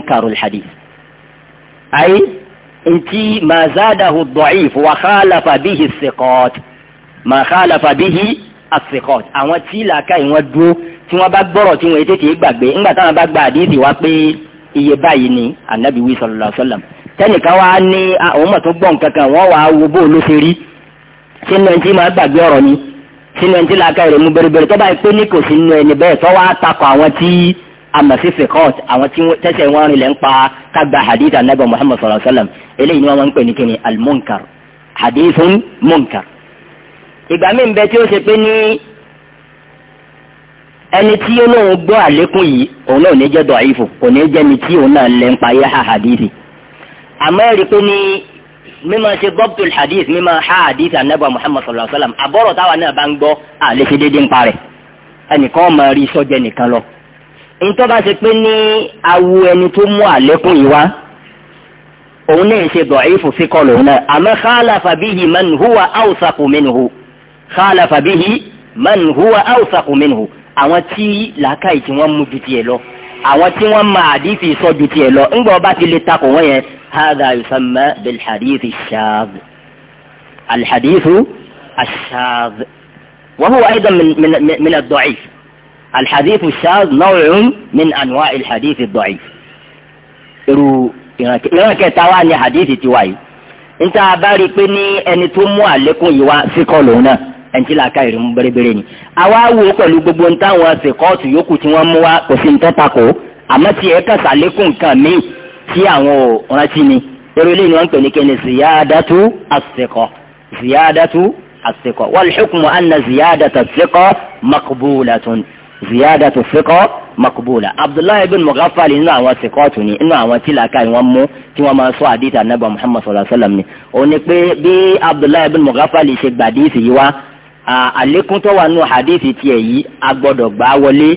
méjì dá ayé ntí mazadahu da'if wa khalafa bihi siqat ma khalafa bihi asiqat àwọn tí làákàyè wọn dúró tí wọn bá gbọ́rọ̀ tí wọn tètè gbàgbé ńgbà táwọn bá gba àdéhìí wá pé iye báyìí ni anabi wi sallallahu alaihi wasallam tẹnìkan wá ní àwọn mọ̀tò gbọ̀n kankan wọ́n wá wo bó ló ṣe sínú ẹni tí máa gbàgbé ọ̀rọ̀ ni sínú ẹni tí làákàyè rẹ̀ mú bẹ̀rẹ̀bẹ̀rẹ̀ tó báyìí pé ní kò sínú ẹni bẹ́ẹ̀ tó wá takọ̀ àwọn tí amasife court àwọn tí tẹsẹ̀ wọn rìn lẹ́ ń pa kágbà hadith anabi muhammad sallallahu alayhi wa sallam eléyìí ni wọn ń pè ní kíni almunkar hadithun munkar. ìgbà mi ń bẹ tí ó ṣe pé ní ẹni tí ó lóun gbọ́ àlékún yìí òun náà ò ní jẹ́ dọ̀ífù kò ní jẹ́ ni tí òun náà lẹ́ ń pa yé ha hadithi. àmọ́ ẹ̀rí pé ní mímọ ṣe gbọ́bùtù hadith mímọ ha hadith anabi muhammad sallallahu alayhi wa sallam àbọ̀rọ̀ táwa náà bá ń gbọ́ àlẹ́ ntọ́ bá ṣe pé ní awu ẹni tó mú àlékún yìí wá òun náà ṣe dọ̀ífù sí kọ́ lòun náà àmọ́ khalafa bihi man huwa awsaqu minhu khalafa bihi man huwa awsaqu minhu àwọn tí làákàyè tí wọ́n mú ju tiẹ̀ lọ àwọn tí wọ́n máa àdìsí sọ ju tiẹ̀ lọ ńgbà ọba ti lè takò wọ́n yẹn hadha yusamma bil hadithi shaadh al hadithu ash wa huwa aydan min min alhadithu shaz naw'un min anwa alhadithi da'if. irú ìran kẹta wa ni hadithi ti wáyé níta bá rí i pé ní ẹni tó mú àlékún yìí wá sí kọ́ lòun náà ẹni tí làákà ìrìn bẹ́rẹ́bẹ́rẹ́ ni. àwa wo pẹ̀lú gbogbo ní táwọn ṣèkọ́ọ̀tù yòókù tí wọ́n mú wá kò sí ní tọ́ta kó àmọ́ tí ẹ kà sàlékún nǹkan míì tí àwọn ò rántí ni. eré ilé ni wọ́n ń pè ní kẹ́ni ziyadatu as-siqa ziyadatu as-siqa wal hukmu anna ziyadatu as-siqa maqbulatun ziyada tó fẹ́kọ́ makubula abdullahi ibn mughaffal nínú àwọn sikọ́ọ̀tù ni nínú àwọn tí làákà yìí wọ́n mú tí wọ́n máa sọ àdìtà nàbà muhammad sallallahu alayhi wa sallam ni òun ni pé bí abdullahi ibn mughaffal ṣe gbàdíìsì yìí wá àlékún tó wà nù àdìsì tiẹ̀ yìí a gbọ́dọ̀ gbà wọlé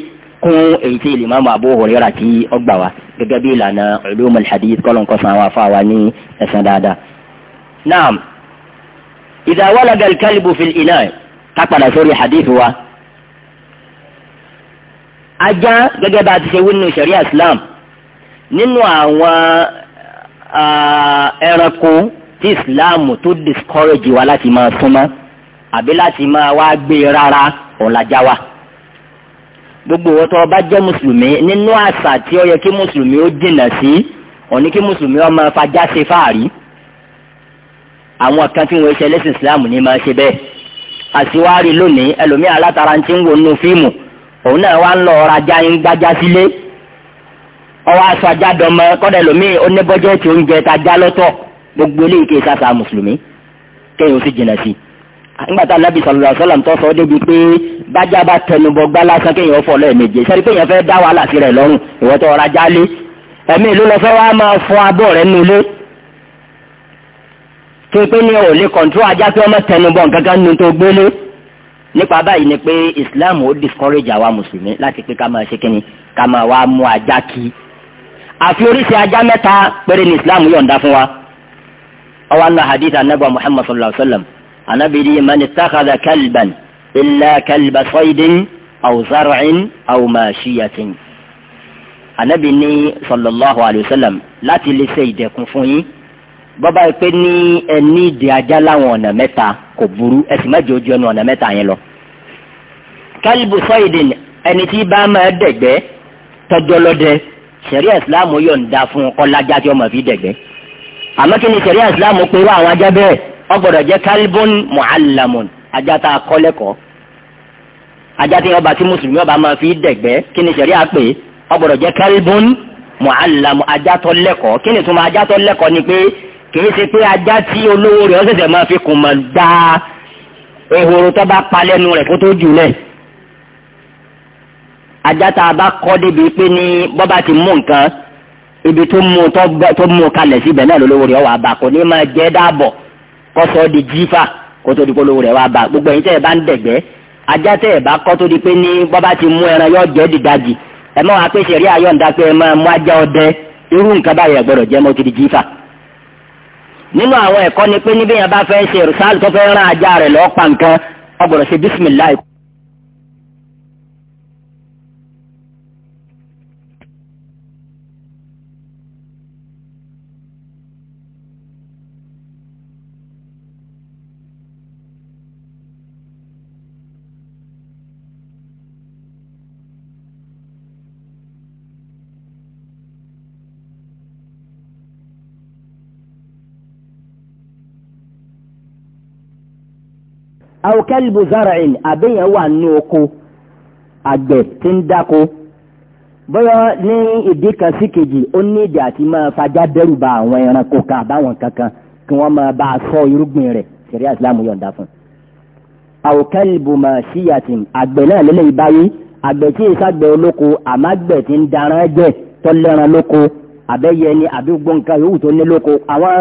kún èyí tí ìlímàmù Abu Hurairah tí ó gbà wá gẹ́gẹ́ bí ìlànà ulumul hadith kọ́lọ́nkọ́sán àwọn afáwa ní ẹ̀sán dáadáa. naam idha walaga al-kalbu fil sórí hadith wa ajá gẹ́gẹ́ bá a ti ṣe wí nínú sharia islam nínú àwọn ẹranko tí islam tó discourage wa láti máa súnmọ́ àbí láti máa wá gbé rárá ọ̀làjà wa gbogbo wọn tó bá jẹ́ mùsùlùmí nínú àṣà tí ó yẹ kí mùsùlùmí ó dènà sí òní kí mùsùlùmí ó máa fajá ṣe fáàrí àwọn kan tí wọn ṣe ẹlẹ́sìn islam ní máa ṣe bẹ́ẹ̀ àṣìwárí lónìí ẹlòmíà látara ti ń wo nínú fíìmù òun náà wá ń lọ ọ̀rajà ń gbájá sílé ọwọ́ aṣọ ajá dọmọ kọ́dà lómi oníbọ́jẹ́tì oúnjẹ ta já lọ́tọ̀ gbogbo eléyìí kì í sàṣà mùsùlùmí kéèyàn ó sì jìnnà sí i nígbà tá alábì sọlọ sọlọ tó sọ débi pé bájá bá tẹnubọ gbá lásán kéèyàn ó fọ lẹ́ẹ̀mejì sẹ́ni pé èèyàn fẹ́ dá wàhálà sí rẹ̀ lọ́rùn ìwọ́tọ̀ ọ̀rajà lé ẹ̀mí ìlú lọ́fẹ́ wá máa fọ abọ́ rẹ̀ nulẹ̀ tó pé ní ò lè ajá pé ọmọ tẹnubọ nǹkan kan nu tó gbélé nípa báyìí ni pé islam ó discourage àwa mùsùlùmí láti pé ká máa ṣe kínní ká máa wá mú ajá kí àfi oríṣi ajá mẹ́ta péré ni islam yọ̀ǹda fún wa ọwọ́ nù hadith anabi muhammad sallallahu alayhi wa sallam anabi ni man ittakhadha kalban illa kalba saydin aw zar'in aw mashiyatin anabi ni sallallahu alayhi wa sallam láti lè ṣe ìdẹ̀kùn fún yín bọ́bá yìí pé ní ẹni ìdè ajá láwọn ọ̀nà mẹ́ta kò burú ẹ̀sìn mẹ́jọ ojú ẹnu ọ̀nà mẹ́ta yẹn lọ. kálíbù sọ́yìdìn ẹni tí bá máa dẹ̀gbẹ́ tọ́jọ́ lọ́dẹ sẹ̀rí ẹ̀sìláàmù yọ̀ǹda fún kọ́lájà tí ọmọ fi dẹ̀gbẹ́. àmọ́ kí ni sẹ̀rí ẹ̀sìláàmù pé wá àwọn ajá bẹ́ẹ̀ ó gbọ́dọ̀ jẹ́ kálíbùn muallamun ajá tá a lẹ́kọ̀ọ́ kí ni tó lẹ́kọ̀ọ́ ajá tó lẹ́kọ̀ọ́ ni pé kìí ṣe pé ajá tí olówó rẹ̀ ọ́ ṣẹ̀ṣẹ̀ máa fi kùn mọ̀ dá ehoro tó bá pa lẹ́nu rẹ̀ kó tó jù lẹ̀ ajá tá a bá kọ́ débi pé ní bọ́ba ti mú nǹkan ibi tó mú tó mú kalẹ̀ síbẹ̀ náà lólówó rẹ̀ wà bá kò ní máa jẹ́ dáàbọ̀ kó sọ di jífà kó tó di pé olówó rẹ̀ wà bá gbogbo ẹ̀yin tẹ́ ẹ bá ń dẹ̀gbẹ́ ajá tẹ́ ẹ bá kọ́ tó di pé ní bọ́ba ti mú ẹran yọ jẹ́ dìdajì ẹ máa wá pé ṣẹ̀rí ayọ̀ǹda pé ẹ máa mú ajá ọdẹ irú nǹkan báyìí ẹ gbọ́dọ̀ jẹ́ mọ́ ti di jífà nínú àwọn ẹ̀kọ́ ni pé níbi yẹn bá fẹ́ ṣe rìsáàlì tó fẹ́ rán ajá rẹ̀ lọ́ọ́ pa nǹkan ọgbọ̀rọ̀ ṣe bísímìláì. àwòkẹ́lìbù zara'in àbẹ́yẹn wà ní oko àgbẹ̀ tí ń dáko bóyá ní ìdí kan sí kejì ó ní ìdí àti máa fajá dẹ́rù ba àwọn ẹranko kan àbáwọn kankan kí wọ́n máa bá a fọ́ irúgbìn rẹ̀ sẹ̀rí àsìlámù yọ̀ǹda fún un. àwòkẹ́lìbù máa ṣíyàtìm àgbẹ̀ náà lélẹ̀ ìbáyé àgbẹ̀ tí ìṣàgbẹ̀ olóko àmàgbẹ̀ tí ń darán jẹ́ tọ́lẹ́ran lóko àbẹ́yẹ ni àbí gbọ̀ǹkan yòówù tó ní lóko àwọn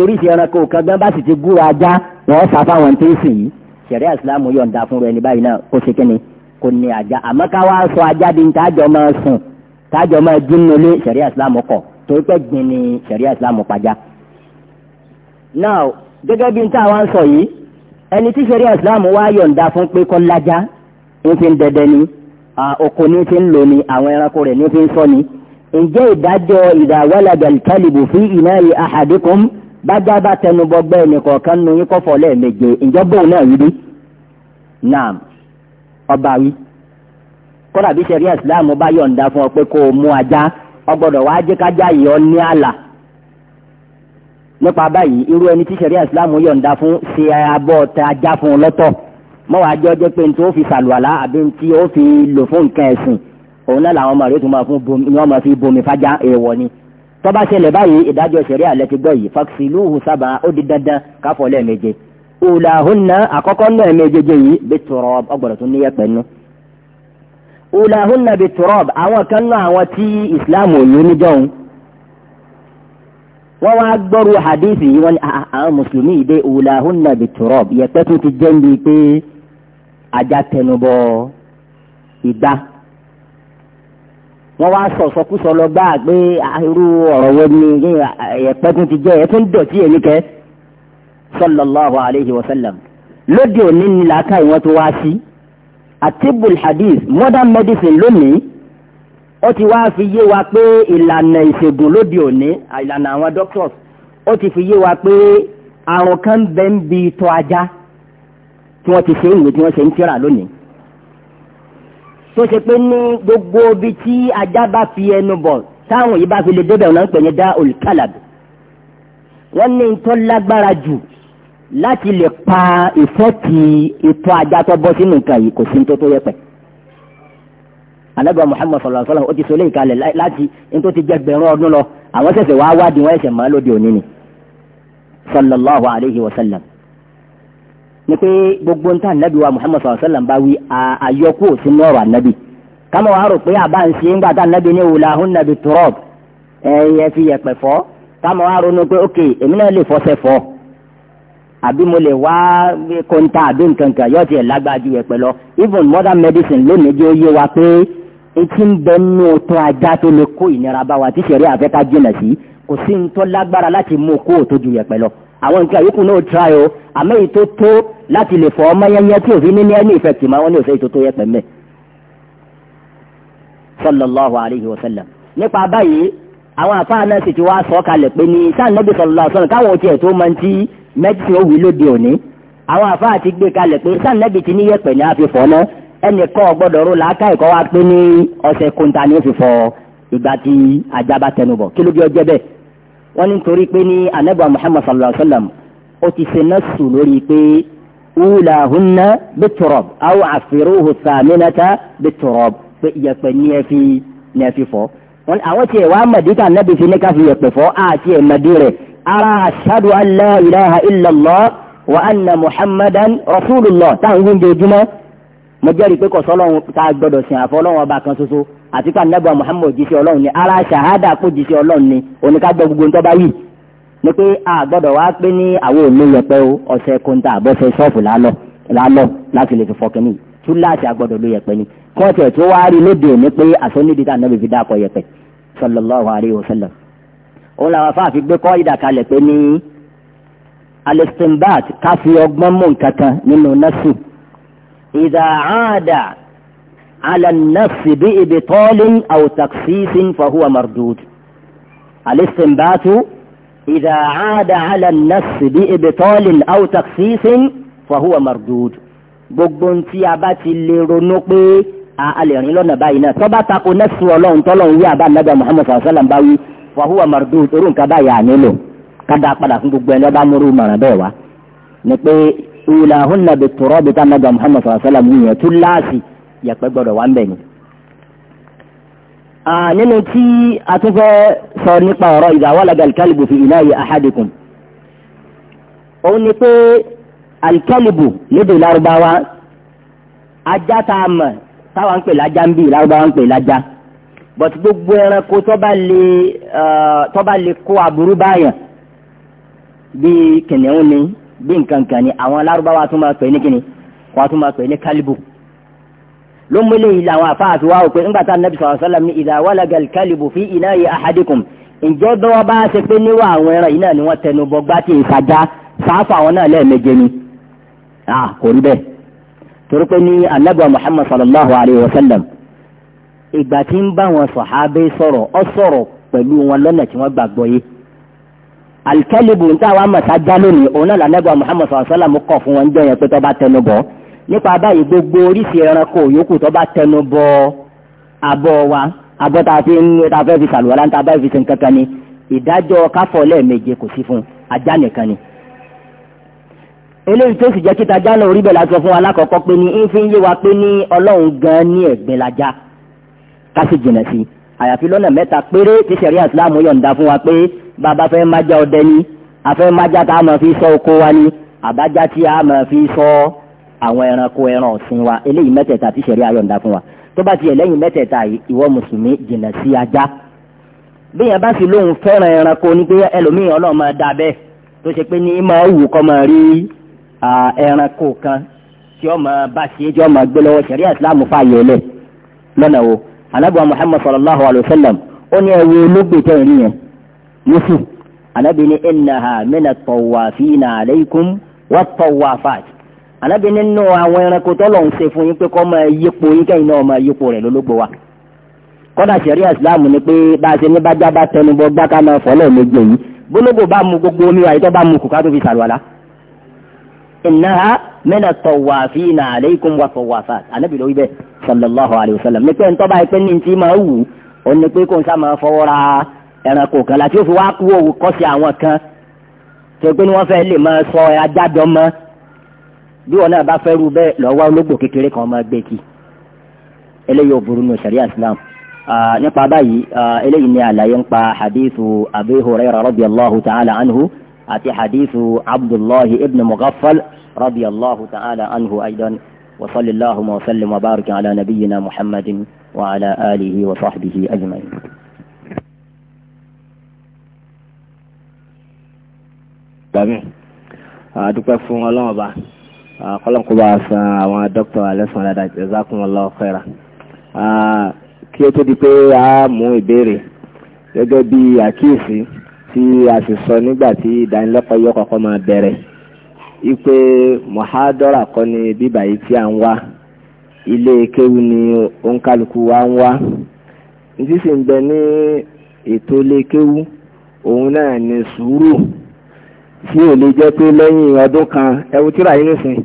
oríṣi ẹranko kan gbọ́n bá sì ti gúra ajá wọ́n fà fáwọn tí ń sìn yìí ṣẹ̀ríà ìsìlámù yọ̀ǹda fún rẹ̀ ní báyìí náà kó ṣe kíni kò ní ajá àmọ́ ká wá sọ ajá di tájọ máa sùn tájọ máa dínú lé ṣẹ̀ríà ìsìlámù kọ̀ torí pé gbin ni ṣẹ̀ríà ìsìlámù pàjá. now gẹ́gẹ́ bí n tá wa ń sọ yìí ẹni tí ṣẹ̀ríà ìsìlámù wá yọ̀ǹda fún pé kọ́ lájá ń fi ń dẹdẹ ni oko ní fi ń lò ni àwọn ẹranko rẹ̀ ní fi ń sọ ni ǹjẹ́ ìdájọ́ ìdàwálàgàlkálìbù bájá bá tẹnu bọgbẹ́ ẹnìkọ̀ọ̀kan nu yín kọ́fọ̀ lẹ́ẹ̀méje ìjọba òun náà rí bí naam ọba wí kọ́dà bí sẹ́rí ẹ̀sìláàmù bá yọ̀ǹda fún ọ pé kó o mú ajá ọgbọ́dọ̀ wá jẹ́ kájá yìí ọ ní àlà nípa báyìí irú ẹni tí sẹ́rí ẹ̀sìláàmù yọ̀ǹda fún ṣe abọ́ tẹ ajá fún un lọ́tọ̀ mọ́wàá jẹ́ jẹ́ pé tí ó fi sàlùwàlá àbí tí ó fi lò fún nǹkan ẹ̀sìn òun náà làwọn ọmọ rẹ̀ tó máa fi bomi fájá èèwọ̀ ni tọ́ba ṣẹlẹ̀ báyìí ìdájọ́ ṣẹ̀rí alẹ́ ti gbọ́ yìí fàksìlúhù sábà ó di dandan káfọ́ lẹ́ẹ̀méje ulahunna àkọ́kọ́ náà méjèèjì yìí biturab ọgbọ̀dọ̀ tún níyẹ pẹ̀lú. ulahunna biturab àwọn kan náà àwọn tí islam ò yún níjọ́hun. wọ́n wá gbọ́rù hadith yìí wọ́n ní ah, ah, àwọn mùsùlùmí yìí dé ulahunna biturab yẹpẹ́ tún ti jẹ́ ń pé ajá tẹnubọ ìgbà wọ́n wá sọ sọkúsọ lọ gbáà pé ah, irú ọ̀rọ̀ wo ni ẹ̀pẹ́ tún ti jẹ́ ẹ tún dọ̀tí èmi kẹ́ sallallahu alayhi wa sallam lóde òní ni làákà ìwọ́n tó wá sí atibul hadith modern medicine lónìí ó ti wá fi yé wa pé ìlànà ìṣègùn lóde òní ìlànà àwọn doctors ó ti fi yé wa pé àrùn kan bẹ́ẹ̀ ń bi tọ́ ajá tí wọ́n ti ṣe ìwé tí wọ́n ṣe ń tíra lónìí tó ṣe pé ní gbogbo ibi tí ajá bá fi ẹnu bọ̀ táwọn yìí bá fi lè débẹ̀ ọ̀nà ń pè ní dá olùkàlàb wọ́n ní tó lágbára jù láti lè pa ìfọ́tì ìtọ́ ajá tó bọ́ sínú nǹkan yìí kò sí tó tó yẹ pẹ̀. alága Muhammad sallallahu alaihi ó ti sọ eléyìí kalẹ̀ láti ní tó ti jẹ́ gbẹ̀rún ọdún lọ àwọn ṣẹ̀ṣẹ̀ wá wádìí wọ́n ẹ̀ṣẹ̀ máa lóde òní ni sallallahu alaihi wasallam ni pé gbogbo nta anabi wa muhammad sallallahu alaihi wa sallam bá wí àyọkú òsín ní ọ̀rọ̀ anabi kámọ wàá rò pé àbá ń ṣe ńgbà tá anabi ní wùlà hún nàbí turọb ẹyẹ fi yẹ̀pẹ̀ fọ̀ kámọ wàá ronú pé ok èmi náà lè fọṣẹ fọ̀ àbí mo lè wá kóńtà àbí nkankan yóò tiẹ̀ lágbára ju yẹ̀pẹ̀ lọ even modern medicine lónìí jẹ́ oyé wa pé etí ń bẹ nínú ọtún ajá tó lè kó ìnira bá wa tí sẹ̀rí àfẹ́ ká jìnà sí kò sí ń tọ́ lágbára láti mú kó òtó ju yẹ̀pẹ̀ lọ àwọn nǹkan yòókù náà try o àmọ́ èyí tó tó láti lè fọ ọmọ yẹn yẹn tí òfin ní ní ẹni ìfẹ̀tì máa wọn ní òfin ètò tó yẹ pẹ̀mẹ́ sallallahu alayhi wa sallam nípa báyìí àwọn àfáà náà sì ti wá sọ kalẹ̀ pé ní sáà nẹ́bí sallallahu sallam káwọn tiẹ̀ tó máa ń tí mẹ́tìsì ó wí lóde òní àwọn àfáà ti gbé kalẹ̀ pé sáà nẹ́bí ti ní yẹ̀pẹ̀ ní àfihàn náà ẹnì kan ọgbọ́dọ̀ ro làákà ẹ̀kọ́ ulahunna بالتراب أو عفروه saminata بالتراب pé ìyẹ̀pẹ̀ ní ẹ fi ní ẹ fi fọ́. wọn àwọn tiẹ̀ wá mẹ̀díkà nẹ́bi fi ní ká fi yẹ̀pẹ̀ fọ́ àti ẹ̀mẹ̀dí rẹ̀ ara ashadu an la ilaha illallah wa anna muhammadan rasulullah táwọn gbé ojúmọ́ mo jẹ́rìí pé kọ̀sọ́ ọlọ́run tá gbọ́dọ̀ sìn àfọ́ ọlọ́run ọba kan ṣoṣo àti pé anábọ̀ muhammad jíṣẹ́ ọlọ́run ni ara shahada kó jíṣẹ́ ọlọ́run ni oníkágbọ́ gbogbo ń tọ́ bá yìí ni pé a gbọ́dọ̀ wá pé ní àwọn òní yẹpẹ́ o ọ̀sẹ̀ kóńtà àbọ̀sẹ̀ ṣọ́ọ̀fù lálọ́ lálọ́ láti lè fi fọkàn ní túláàsì àgbọ̀dọ̀ ló yẹpẹ́ ni kọ́ọ̀tì ẹ̀ tó wá rí lóde òní pé àsọ̀nídìí tá ànábì fi dáàkọ yẹpẹ́ sallallahu alayhi wa òun làwọn afáàfin gbé kọ́ ìdàkalẹ̀ pé ní alistinbat ká fi ọgbọ́n mú nǹkan nínú nọ́ọ̀sì ìdá àádà ala إذا عاد على النفس بإبطال أو تخصيص فهو مردود gbogbo ntí a bá ti lè ronú pé a lè rìn lọ́nà báyìí náà tọ́ba tako nẹ́sù ọlọ́run tọ́lọ́run yí àbá nàbà muhammed sallam bá wí wàhùwà mardu torú nǹkan báyìí à nílò kádà padà fún gbogbo ẹni ọba múrú mọ̀ràn bẹ́ẹ̀ wá ni pé ìwúlà hùn nàbì tòrọ́ bìtá nàbà muhammed sallam yìí yẹn tú láàsì yẹpẹ́ gbọ́dọ̀ wá ń bẹ̀ ni nínú tí a tún fẹ́ sọ nípa ọ̀rọ̀ ìdáwọ́lága alikalibu fi ìnáyè ahadikum òun ni pé alikalibu lédè lárúbáwá ajá tá a mọ̀ táwa ń pè lájá ń bì lárúbáwá ń pè lájá but gbogbo ẹranko tó bá lè tó kó aburú báyàn bíi kìnìún ni bíi nǹkan ni àwọn lárúbáwá tún máa pè ní kìnìún wọ́n tún máa pè ní kalibu ló mú eléyìí làwọn àfáàfi wá wò pé ńgbà tá nàbì sallallahu alaihi wasallam ní idha walaga al-kalbu fi ina'i ahadikum ǹjọ́ dọ́wọ́ bá ṣe pé níwọ̀ àwọn ẹran yìí náà ni wọ́n tẹnu bọ gbá tí ìsàjá sáfà àwọn náà lẹ́ẹ̀méje ni kò rí bẹ́ẹ̀ torí pé ní ànábì Muhammad sallallahu alaihi wasallam ìgbà tí ń bá wọn sàhábé sọ̀rọ̀ ọ sọ̀rọ̀ pẹ̀lú wọn lọ́nà tí wọ́n gbàgbọ́ yìí alikẹ́lẹ́bù ń táwọn amọ̀sájá lónìí òun náà lànàbì Muhammad sallallahu alaihi wasallam kọ̀ fún wọn jẹ́ yẹn pé tó bá tẹnu bọ̀ nípa báyìí gbogbo oríṣi ẹranko yòókù tó bá tẹnu bọ abọ́ wa abọ́ tá a fi ń tá a fẹ́ fi sàlùwàlá ń ta bá fi sin kankan ni ìdájọ́ káfọ́ lẹ́ẹ̀méje kò sí fún ajá nìkan ni eléyìí tó sì jẹ́ kíta ajá orí bẹ̀ la sọ fún wa lákọ̀ọ́kọ́ pé ní ń fi ń yé wa pé ní ọlọ́run gan ní ẹ̀gbin lajá ká sì jìnà sí àyàfi lọ́nà mẹ́ta péré tí sẹ̀rí àsìláàmù yọ̀ǹda fún wa pé bàbá fẹ́ májá ọdẹ ni afẹ́ májá tá a máa fi sọ oko wa ni àbájá tí a máa fi sọ ọ́ àwọn ẹranko ẹran ọ̀sìn wa eléyìí mẹ́tẹ̀ẹ̀ta tí sẹ̀rí ayọ̀ǹda fún wa tó bá tiẹ̀ lẹ́yìn mẹ́tẹ̀ẹ̀ta yìí ìwọ mùsùlùmí jìnnà sí ajá bí yẹn bá sì lóun fẹ́ràn ẹranko ní pé ẹlòmíì ọlọ́run máa da bẹ́ẹ̀ tó ṣe pé ní máa wù kọ́ máa rí ẹranko kan tí ó máa bá ṣe é tí ó máa gbé lọ́wọ́ sẹ̀rí ìsìlámù fààyè lẹ̀ lọ́nà wo anábìwá muhammad sallallahu alayhi wa sallam ó ní ẹwé olóògbé tẹ́ ìrìn yẹn ànábì nínú àwọn ẹranko tọ́lọ̀ ń ṣe fún yín pé kọ́ máa yípo yín kẹ́yìn náà máa yípo rẹ̀ lólógbò wa kọ́dà sẹ̀rí islam ni pé bá a ṣe ní bájá bá tẹnubọ gbá ká máa fọ́ lẹ́ẹ̀mejì yìí bólógbò bá mu gbogbo omi wa ìtọ́ bá mu kù ká tó fi sàlùwàlá. innaha mina tawafina aleikum wa tawafat ànábì ló wí bẹ́ẹ̀ sallallahu alayhi wa sallam ní pé ntọ́ báyìí pé ní ti ní pé kò bí wọn náà bá fẹ́ rú bẹ́ẹ̀ lọ wá ológbò kékeré kan máa gbé kí eléyìí ò burú nù sẹ̀ríà islam nípa báyìí eléyìí ni àlàyé ń pa hadithu abihu abi hurairah allahu ta'ala anhu àti hadithu abdullahi ibn mughafal mughaffal allahu ta'ala anhu aidan wa sallallahu wa sallam wa barakin ala nabiyyina muhammadin wa ala alihi wa sahbihi ajma'in. Dàbí, àdúpẹ́ fún ọlọ́run kọ́lọ́n kó bá a san àwọn dókítà alẹ́sàn dada jazakumullahu khaira kí ó tó di pé a mú ìbéèrè gẹ́gẹ́ bí àkíyèsí tí a sì sọ nígbà tí ìdánilẹ́kọ̀ọ́ yóò kọ́kọ́ máa bẹ̀rẹ̀ ipe mọ̀hádọ́rà kọ́ ni bíbà yìí tí a ń wá ilé kéwu ni òǹkálukú wa ń wá ní sísìn bẹ ní ètò ilé kéwu òun náà ni sùúrù tí ò lè jẹ́ pé lẹ́yìn ọdún kan ẹwù tíra yìí nìsín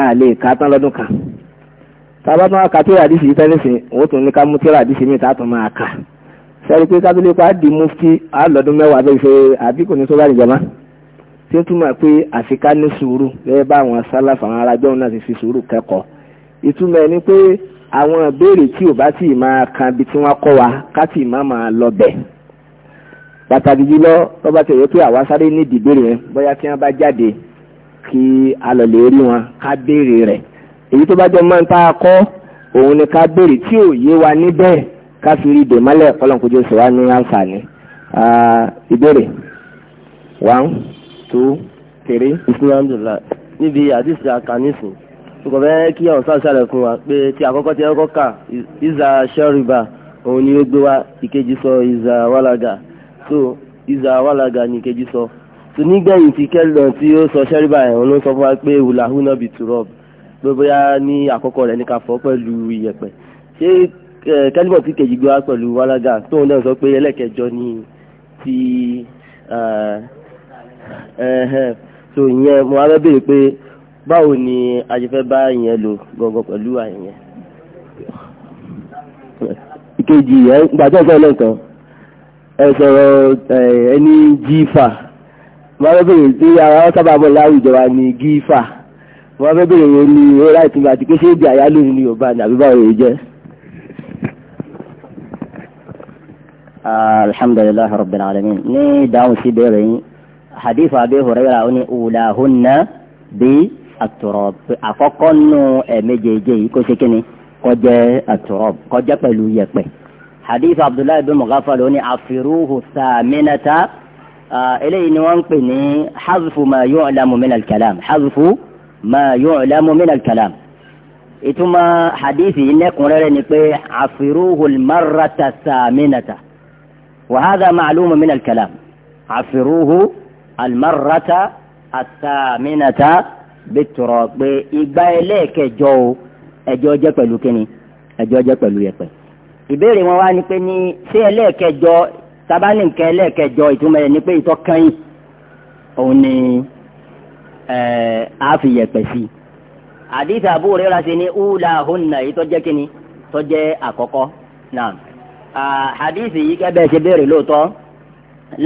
a lè kà tán lọ́dún kan tábà tán ká tíra àdìsí yìí tán nìsín òun tún ní ká mú tíra àdìsí mi tààtún máa kà sẹ́ni pé kábílẹ̀ pa á di mufti á lọ́dún mẹ́wàá bẹ́ẹ̀ ṣe àbí kò ní tó bá nìjọba tí ó túmọ̀ pé àfikà ní sùúrù bẹ́ẹ̀ bá àwọn sálàfà àwọn arájọ́ náà ti fi sùúrù kẹ́kọ̀ọ́ ìtumọ̀ ni pé àwọn ìbéèrè tí ò bá sì máa kan bí tí wọ́n kọ́ wa ká sì má máa lọ bẹ́ẹ̀ pàtàkì jùlọ lọ́ba tẹ̀yẹ pé àwa sáré ní ìdìbèrè yẹn bóyá tí wọ́n bá jáde kí alọ̀lẹ̀ rí wọn ká béèrè rẹ̀ èyí tó bá jẹ́ máa ń tá a òun ni ká béèrè tí ò yé wa níbẹ̀ ká fi rí ìdèmálẹ̀ ọlọ́nkójú sọ wá ní àǹfààní ìbéèrè one two three. alhamdulillah níbi àdìsí àkànnísìn kò fẹ́ kí àwọn sáà ṣàlẹ̀ fún wa pé tí àkọ́kọ́ tí ẹ kọ́ kà ìzà ṣẹ́rìbà òun ni ó gbé wa ìkejì sọ ìzà wàlágà so ìzà wàlágà ní kejì sọ so nígbẹ̀yìn tí kẹ́lìdàn tí ó sọ ṣẹ́ríbà ẹ̀hún ló sọ fún wa pé wùlàhúnà bíi turọ́b pé bóyá ní àkọ́kọ́ rẹ̀ ní ká fọ́ pẹ̀lú ìyẹ̀pẹ̀ ṣé kẹ́lìmọ̀ tí kejì gbé wá pẹ̀lú wàlágà tóun náà sọ pé ẹlẹ́kẹjọ ní ti so ìyẹn mo wá fẹ́ béèrè pé báwo ni ajẹ́fẹ́ bá ìyẹn lò gbọ̀ngàn pẹ̀lú àyẹ̀yẹn ìkejì yẹn gbàjọ́ ìfẹ́ lẹ́ǹkan ẹ̀sọ̀rọ̀ ẹni gífà wọ́n fẹ́ bèèrè tí ara wọn sábà bọ̀ láwùjọ wa ni gífà wọ́n fẹ́ bèèrè yẹn ní ọ̀rá ìtumọ̀ àti pé ṣé èdè àyálò ní yorùbá ni àbí báwo yẹn jẹ́. alhamdulilayi rabbil alamin ní ìdáhùn sí bẹ̀rẹ̀ yín hadith abi hurayra oní ulahunna bí aturab àkọ́kọ́ nù ẹ̀ẹ́mẹ́jẹ̀ẹ́jẹ́ yìí kó ṣe kíni kó jẹ́ aturab kó jẹ́ pẹ̀lú yẹ̀pẹ̀ hadith abdullahi bin mughaffal oní àfiruhu sàmínata eléyìí ni wọ́n ń pè ní hazfu ma yu'lamu min al-kalam hazfu ma yu'lamu min al-kalam ìtumọ̀ hadithi yìí nẹ́kùnrẹ́rẹ́ ni pé àfiruhu marata sàmínata wa hadha ma'lumun min al-kalam àfiruhu almarata asaminata biturọ pé ìgbà ẹlẹ́ẹ̀kẹjọ o ẹjọ́ jẹ́ pẹ̀lú kíni ẹjọ́ jẹ́ pẹ̀lú yẹpẹ̀ ìbéèrè wọn wá ní pé ní ṣé ẹlẹ́ẹ̀kẹjọ tabani nǹkan ẹlẹ́ẹ̀kẹjọ ìtumọ̀ rẹ̀ ní pé ìtọ́kànyìn òun ni àfìyẹ̀pẹ̀ sí. àdìsí àbúrò rẹ̀ ràṣẹ ní ùlà hùnà èyí tó jẹ́ kínní tó jẹ́ àkọ́kọ́ náà. àdìsí yìí kẹ́bẹ̀ẹ́ ṣe béèrè lóòótọ́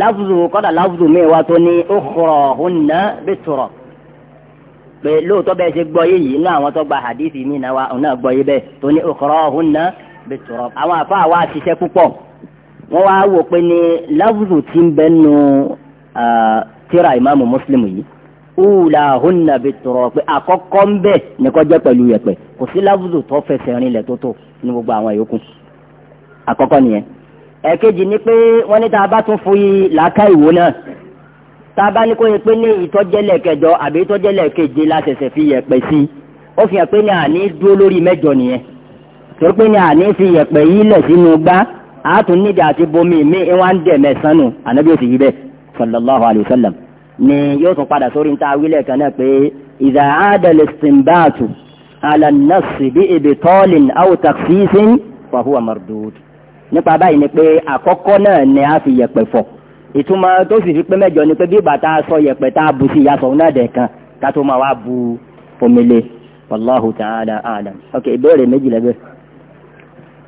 láfùzù kọ́dà láfùzù mi wá tó ní ukhra hùnà bitura pé lóòótọ́ bẹ́ẹ̀ ṣe gbọ́ yìí inú bẹtọrọ àwọn àfa wa ṣiṣẹ́ púpọ̀ wọn wá wò pé ní láwùzù tí ń bẹ nu tíra ìmáàmù mùsùlùmù yìí wúlà húnà bẹtọrọ pé àkọ́kọ́ ń bẹ ní kó jẹ́ pẹ̀lú yẹ̀pẹ̀ kò sí láwùzù tó fẹsẹ̀ rinlẹ̀ tó tó ní gbogbo àwọn yòókù àkọ́kọ́ nìyẹn ẹ̀kejì ni pé wọ́n ní tá a bá tún fún yí làákà ìwò náà tá a bá ní kó yẹ pé ní ìtọ́jẹ́lẹ̀ kẹjọ àbí ìtọ́jẹ́lẹ̀ keje la fi yẹ̀pẹ̀ sí ó fi hàn pé ní àní dúró lórí mẹ́jọ nìyẹn tó pé ní àní fi yẹ̀pẹ̀ yí lẹ̀ sínú gbá àátún níbi àti bomi mi ìwà ń dẹ̀ mẹ́sánù ànábì ó sì yí bẹ́ẹ̀ sallallahu alayhi wa sallam ni yóò tún padà sórí níta wílẹ̀ kan náà pé idha aada al-istinbatu ala an-nafsi bi ibtalin aw takhsisin fa nípa báyìí ni pé àkọ́kọ́ náà ni a fi yẹ̀pẹ̀ fọ̀ ìtumọ̀ tó sì fi pé mẹ́jọ ni pé bí ìgbà sọ yẹ̀pẹ̀ tá a bu sí ìyàsọ̀ náà dẹ̀ kan ká tó máa wá bu omi lé wallahu ta'ala a'lam ok ìbéèrè méjì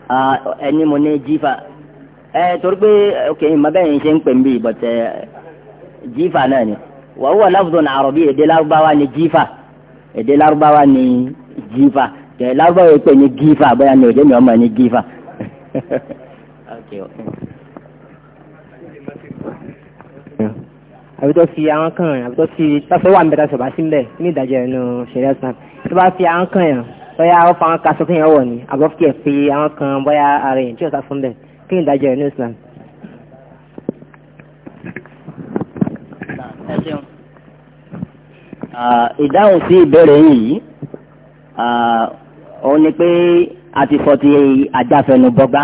Ah, ẹni mo ní jífà ẹ eh, torí pé ok mabẹ́ yẹn ṣe ń pè mí but jífà eh, náà ni wà wúwà láfùsọ̀ ní àròbí èdè lárúbáwá ni jífà èdè lárúbáwá ni jífà kẹ eh, lárúbáwá yẹn pè ní gífà bóyá ni òjò mi ọmọ ní gífà. àbítọ́ fi àwọn kan àbítọ́ fi tásọ̀ wà ń bẹ tásọ̀ bá sí ń bẹ̀ ní ìdájọ́ ẹ̀ nù ṣẹlẹ̀ tó bá fi àwọn kan yàn bóyá ó fa àwọn kaṣọ tó yẹn wọ̀ ni àbọ̀ fi ẹ̀ pé àwọn kan bóyá ara yẹn tí ó sá fún bẹ́ẹ̀ kí ni ìdájọ́ ẹ̀ ní Islam. ìdáhùn sí ìbéèrè yìí òun ni pé a ti fọ ti ajáfẹnubọgbá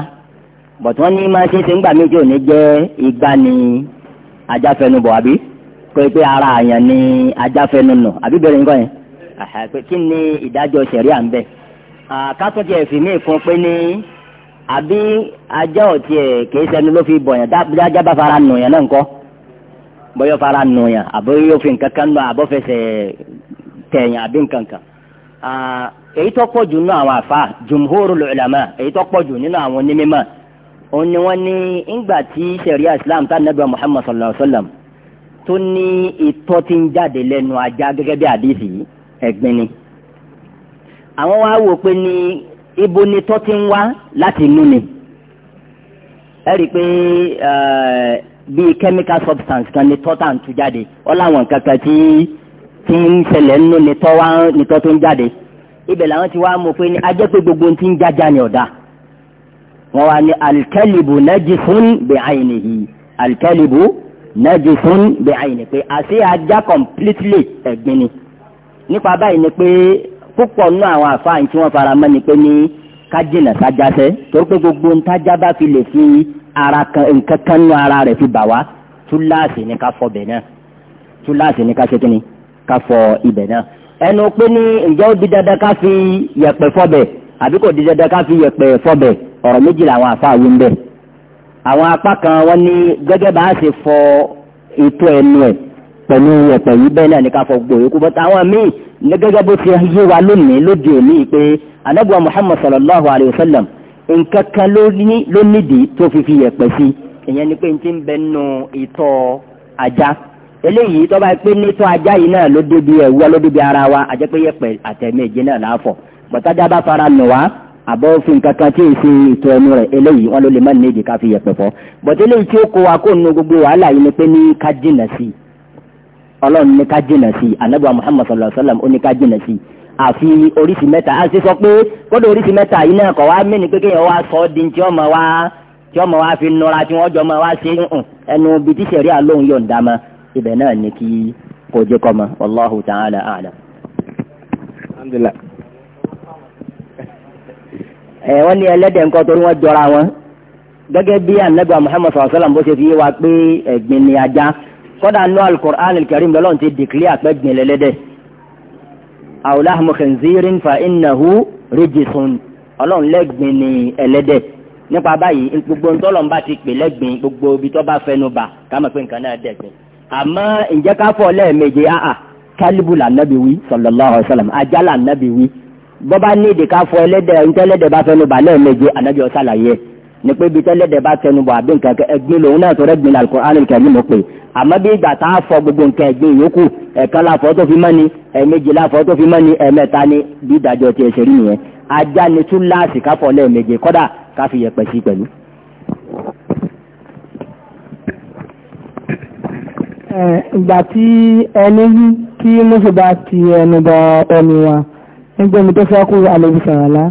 bọ̀t wọ́n ní máa ṣe ṣe ń gbà méjì òní jẹ́ igba ni ajáfẹnubọ̀ àbí pé pé ara àyàn ni ajáfẹnunù àbí bẹ̀rẹ̀ nǹkan yẹn pé kí ni ìdájọ́ ṣẹ̀ríà ń bẹ̀ kátó tiẹ̀ fi mí kún pé ní àbí ajá ọ̀tí ẹ̀ kìí sẹ́nu ló fi bọ̀yàn dájá bá fara nù yàn náà ńkọ́ bọ́yọ̀ fara nù yàn àbí yóò fi nǹkan kan nù àbọ̀fẹsẹ̀ tẹ̀yàn àbí nǹkan kan èyí tó pọ̀ jù nínú àwọn àfa jumhurul ulama èyí tó pọ̀ jù nínú àwọn onímọ̀ òun ni wọ́n ní ńgbà tí sẹ̀ríà islam tá nàbẹ̀ muhammad sallallahu alayhi wa sallam tó ní ìtọ́ ti ń jáde lẹ́nu ajá gẹ́gẹ́ bí àdìsí yìí ẹ̀gbin ni àwọn wa wò pé ní ibo ni tó ti ń wá láti inú ni ẹ rí i pé eh, bíi chemical substance kan ni tọ́ tà ń tú jáde ọ láwọn kankan tí tí ń ṣẹlẹ̀ nínú ni tọ́ wá ni tọ́ tó ń jáde ibẹ̀ làwọn ti wá mọ̀ pé ní ajẹ́ pé gbogbo ti ń jájá ni ọ̀dà wọ́n wá ní alikẹ́lìbù najisun bi aynihi alikẹ́lìbù najisun bi aynihi pé àṣé ajá completely ẹ̀gbin ni nípa báyìí ni pé púpọ̀ nínú àwọn àfáàní tí wọ́n fara mọ́ ni pé ní ká jìnà sájásẹ́ torí pé gbogbo ntájá bá fi lè fi ara kan nǹkan kan nínú ara rẹ̀ fi bà wá túláàsì ni ká fọ bẹ̀ náà túláàsì ni ká ṣe kíni ká fọ ibẹ̀ náà ẹnu pé ní ǹjẹ́ ó di dandan ká fi yẹ̀pẹ̀ fọbẹ̀ àbí kò di dandan ká fi yẹ̀pẹ̀ fọbẹ̀ ọ̀rọ̀ méjì làwọn àfáà ń bẹ̀ àwọn apá kan wọ́n ní gẹ́gẹ́ bá a ṣe fọ ètò ẹnu ẹ̀ pẹ̀lú ẹ̀pẹ̀ yìí bẹ́ẹ̀ náà ní ká fọ gbò yòókù bọ́tà àwọn míì ní gẹ́gẹ́ bó ti yé wa lónìí lóde òní pé anábùwà muhammad sallallahu alayhi wa sallam nǹkan kan ló nídìí tó fi fi yẹ̀pẹ̀ sí ìyẹn ni pé n ti ń bẹ nù ìtọ̀ ajá eléyìí tó bá pé nítọ̀ ajá yìí náà ló débi ẹ̀wúwa ló débi ara wa àjẹ́ pé yẹ̀pẹ̀ àtẹ̀mẹ́jẹ náà láàfọ̀ bọ́tàjà bá fara nù wá àbọ̀ òfin kankan tí èsì ìtọ̀ ẹnu rẹ̀ eléyìí wọn ló lè má nídìí ká fi yẹ̀pẹ̀ fọ́ bọ́tẹ́lẹ̀ tí ó kó wa kó nu gbogbo wàhálà yìí ni pé ní ká jìnà sí i ọlọ́run ní ká jìnà sí i anabiwa muhammad sallallahu alayhi wa sallam ó ní ká jìnà sí i àfi oríṣi mẹ́ta a ti sọ pé kódà oríṣi mẹ́ta yìí náà kọ̀ wá mẹ́ni pé kéèyàn wá sọ ọ́ di tí ọmọ wá tí ọmọ wá fi nura tí wọ́n jọ ma wá ṣe ń ẹnu bí tí sẹ̀ríà lóhùn yóò ń dá ma ibẹ̀ náà ní kí kò jẹ́ kọ́ ma wallahu ta'ala a'lam. alhamdulillah ẹ wọ́n ní ẹlẹ́dẹ̀ nǹkan torí wọ́n jọra wọn gẹ́gẹ́ bí anabiwa muhammad sallallahu alayhi wa sallam bó ṣe fi wá pé ẹ̀gbin ni ajá kọ́dà nù alukur'an alkarim lọ́lọ́run ti dìklẹ́ àpẹ́gbìn lẹ́lẹ́dẹ̀ awlahmu khinzirin fa innahu rijisun ọlọ́run lẹ́gbìn ní ẹlẹ́dẹ̀ nípa báyìí gbogbo ntọ́lọ́n bá ti pè lẹ́gbìn gbogbo ibi tó bá fẹnu bà ká mọ̀ pé nǹkan náà dẹ̀gbìn àmọ́ ǹjẹ́ ká fọ́ lẹ́ẹ̀mejì áà kálíbù lànàbí wí sallallahu alaihi wasallam ajá lànàbí wí bọ́bá nídìí ká ni pé bíi tẹ́lẹ̀dẹ̀ bá tẹnu bọ̀ àbí nǹkan ẹgbin lòun náà tó rẹ́gbin Al-Qur'an al mọ̀ pé àmọ́ bí ìgbà tá a fọ gbogbo nǹkan ẹgbin yòókù ẹ̀kan láfọ́ tó fi mọ́ ni ẹ̀ẹ̀mejì láfọ́ tó fi mọ́ ni ẹ̀ẹ̀mẹ́ta ni bí ìdájọ́ tiẹ̀ ṣe rí nìyẹn ajá ni tún láàsì káfọ́ lẹ́ẹ̀mejì kọ́dà ká fi yẹpẹ̀ sí pẹ̀lú. ìgbà tí ẹni yí kí ló ṣe bá ti ẹnu bọ ọmọ wa nígbà omi tó fẹ́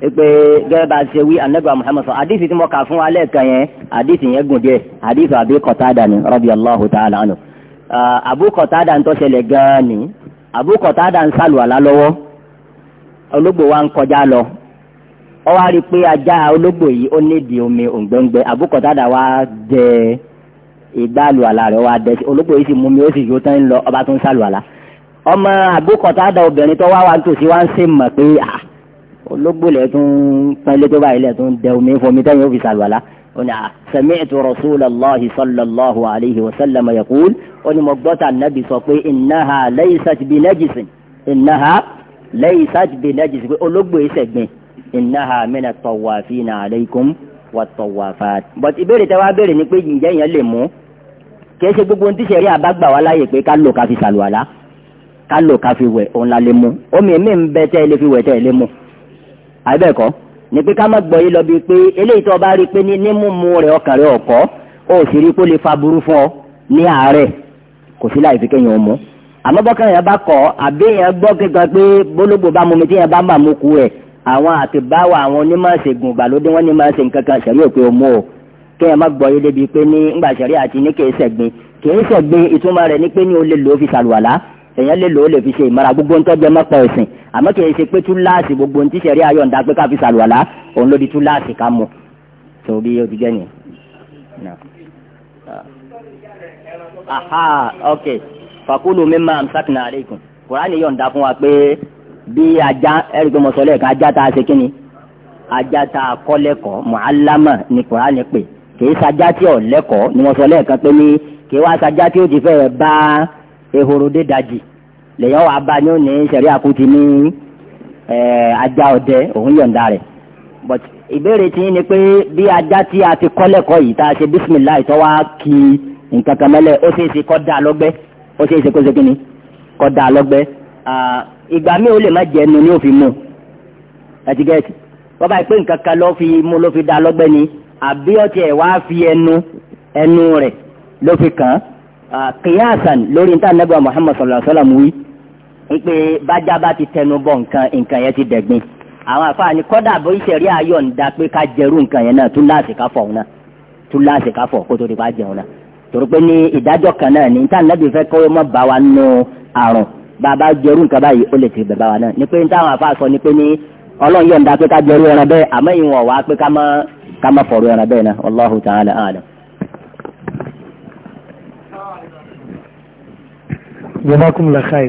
pé gẹ́gẹ́ bá a ṣe wí anabi muhammed sọ àdìsí tí mo kà fún wa lẹ́ẹ̀kan yẹn àdìsí yẹn gùn díẹ̀ àdìsí àbí kọ̀tàdà ni radiyallahu ta'ala anhu àbú kọ̀tàdà ń tó ṣẹlẹ̀ gan-an ni àbú kọ̀tàdà ń sàlùwàlá lọ́wọ́ ológbò wa ń kọjá lọ ó wá rí i pé ajá ológbò yìí ó nídìí omi òǹgbẹ́ǹgbẹ́ àbú kọ̀tàdà wa jẹ ìgbàlùwàlá rẹ̀ wa dẹ̀ ológbò yìí sì mú mi ó sì yó tán ń lọ ọba tó ń sàlùwàlá ọmọ Abu kọ̀tàdà obìnrin tó wá wa ń tòsí wa ń sè mọ̀ pé ah ológbò lẹ̀ tún pẹ́lẹ́ tó báyìí lẹ̀ tún dẹ omi fún omi tẹ́yìn ó fi sàlùwàlá ó ní à sami'tu rasulallahi sallallahu alayhi wa sallam yaqul ó ní mo gbọ́ tà nábì sọ pé innaha laysat bi najisin innaha laysat bi najisin pé ológbò yìí sẹ̀gbìn innaha mina tawafina alaykum wa tawafat. but ìbéèrè tẹ́ wá ni pé ǹjẹ́ yẹn lè mú kì í ṣe gbogbo omi mi ń bẹ tẹ́ ẹ lè fi wẹ̀ tẹ́ ẹ lè mú àbẹ́ẹ̀kọ́ ni pé ká má gbọ́ yí lọ bíi pé eléyìí tó bá rí i pé ní mímú rẹ̀ ọkàn rẹ̀ ọ̀kọ́ ó sì rí i pé ó lè fa burú fún ọ ní àárẹ̀ kò sí láì fi kéèyàn mú àmọ́ bọ́kàn yẹn bá kọ̀ àbí yẹn gbọ́ kíkan pé bólógbò bá mumi tí yẹn bá mà mú ku ẹ̀ àwọn àtibáwọ̀ àwọn onímọ̀ọ́sẹ̀gùn ìgbàlódé wọ́n ní máa ṣe nǹkan kan ṣẹ̀rí òpin òmu o kéèyàn má gbọ́ yé débi pé ní ńgbà ṣẹ̀rí àti ní kèé sẹ̀gbin kèé sẹ̀gbin ìtumọ̀ rẹ̀ ní pé ní o lè lò ó fi ṣàlùwàlá èèyàn lè lò ó lè fi ṣe ìmọ̀ra gbogbo ńtọ́ jẹ mọ́pọ̀ ẹ̀sìn àmọ́ kì í ṣe pé túláàsì gbogbo ntí sẹ̀rí ayọ̀ǹda pé ká fi ṣàlùwàlá òun ló di túláàsì ká mu tó bí o ti jẹ́ nìyẹn. aha ok fakulu mimma amsakna aleikum kùránì yọ̀ǹda fún wa pé bí ajá ẹ̀rí pé mo sọ lẹ́ẹ̀ka ajá tá ṣe kíni ajá tá a kọ́ mu'allama ni kùránì pè kì í sajá tí ò lẹ́kọ̀ọ́ ni mo sọ lẹ́ẹ̀kan ehoro daji dajì lèyàn ní òní àkútì ní ajá ọdẹ òun yọ̀ǹda rẹ̀ but ìbéèrè tí ni pé bí ajá tí a ti kọ́ yìí tá a ṣe bísímìláì tó wá kí nǹkan kan mẹ́lẹ̀ ó ṣeé kọ da lọ́gbẹ́ ó kó ṣe lọ́gbẹ́ ìgbà lè má jẹ mu ẹtì gẹ́ẹ̀tì ni àbí ẹ̀ fi ẹnu ẹnu rẹ̀ ló fi qiyasan lórí níta nẹ́gbà muhammad sallallahu alayhi wa sallam wí ti tẹnu bọ nǹkan nǹkan yẹn ti dẹ̀gbin àwọn àfààní kọ́dà bó ìṣẹ̀rí ayọ̀ ń da pé ká jẹrú nǹkan yẹn náà tún láàsì ká fọ̀ náà tún láàsì ká fọ̀ kó tó di pa jẹun náà torí pé ní ìdájọ́ kan náà ní fẹ́ wa nù àrùn bàbá jẹrú nǹkan báyìí ó lè ti bẹ̀ bá wa náà ní pé àwọn sọ ní pé ní jẹ́bákùn lẹ́kàí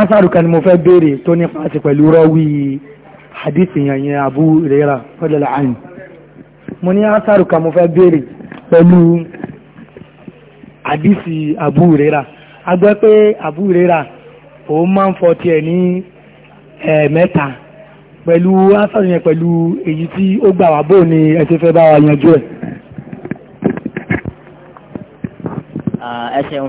asàrùkà ni mo fẹ́ béèrè tó nípa àti pẹ̀lú rọ́wí hadith yẹn yẹn Abu Rera, fọ́lẹ̀lá àyìn mo ní asàrùkà mo fẹ́ béèrè pẹ̀lú hadith Abu Rera, a pé Abu Rera, òun máa ń fọ tiẹ̀ ní ẹ̀ẹ̀mẹ́ta pẹ̀lú asàrùkà yẹn pẹ̀lú èyí tí ó gbà wá bóun ni ẹ ti fẹ́ bá wa yanjú ẹ̀ ẹ ṣeun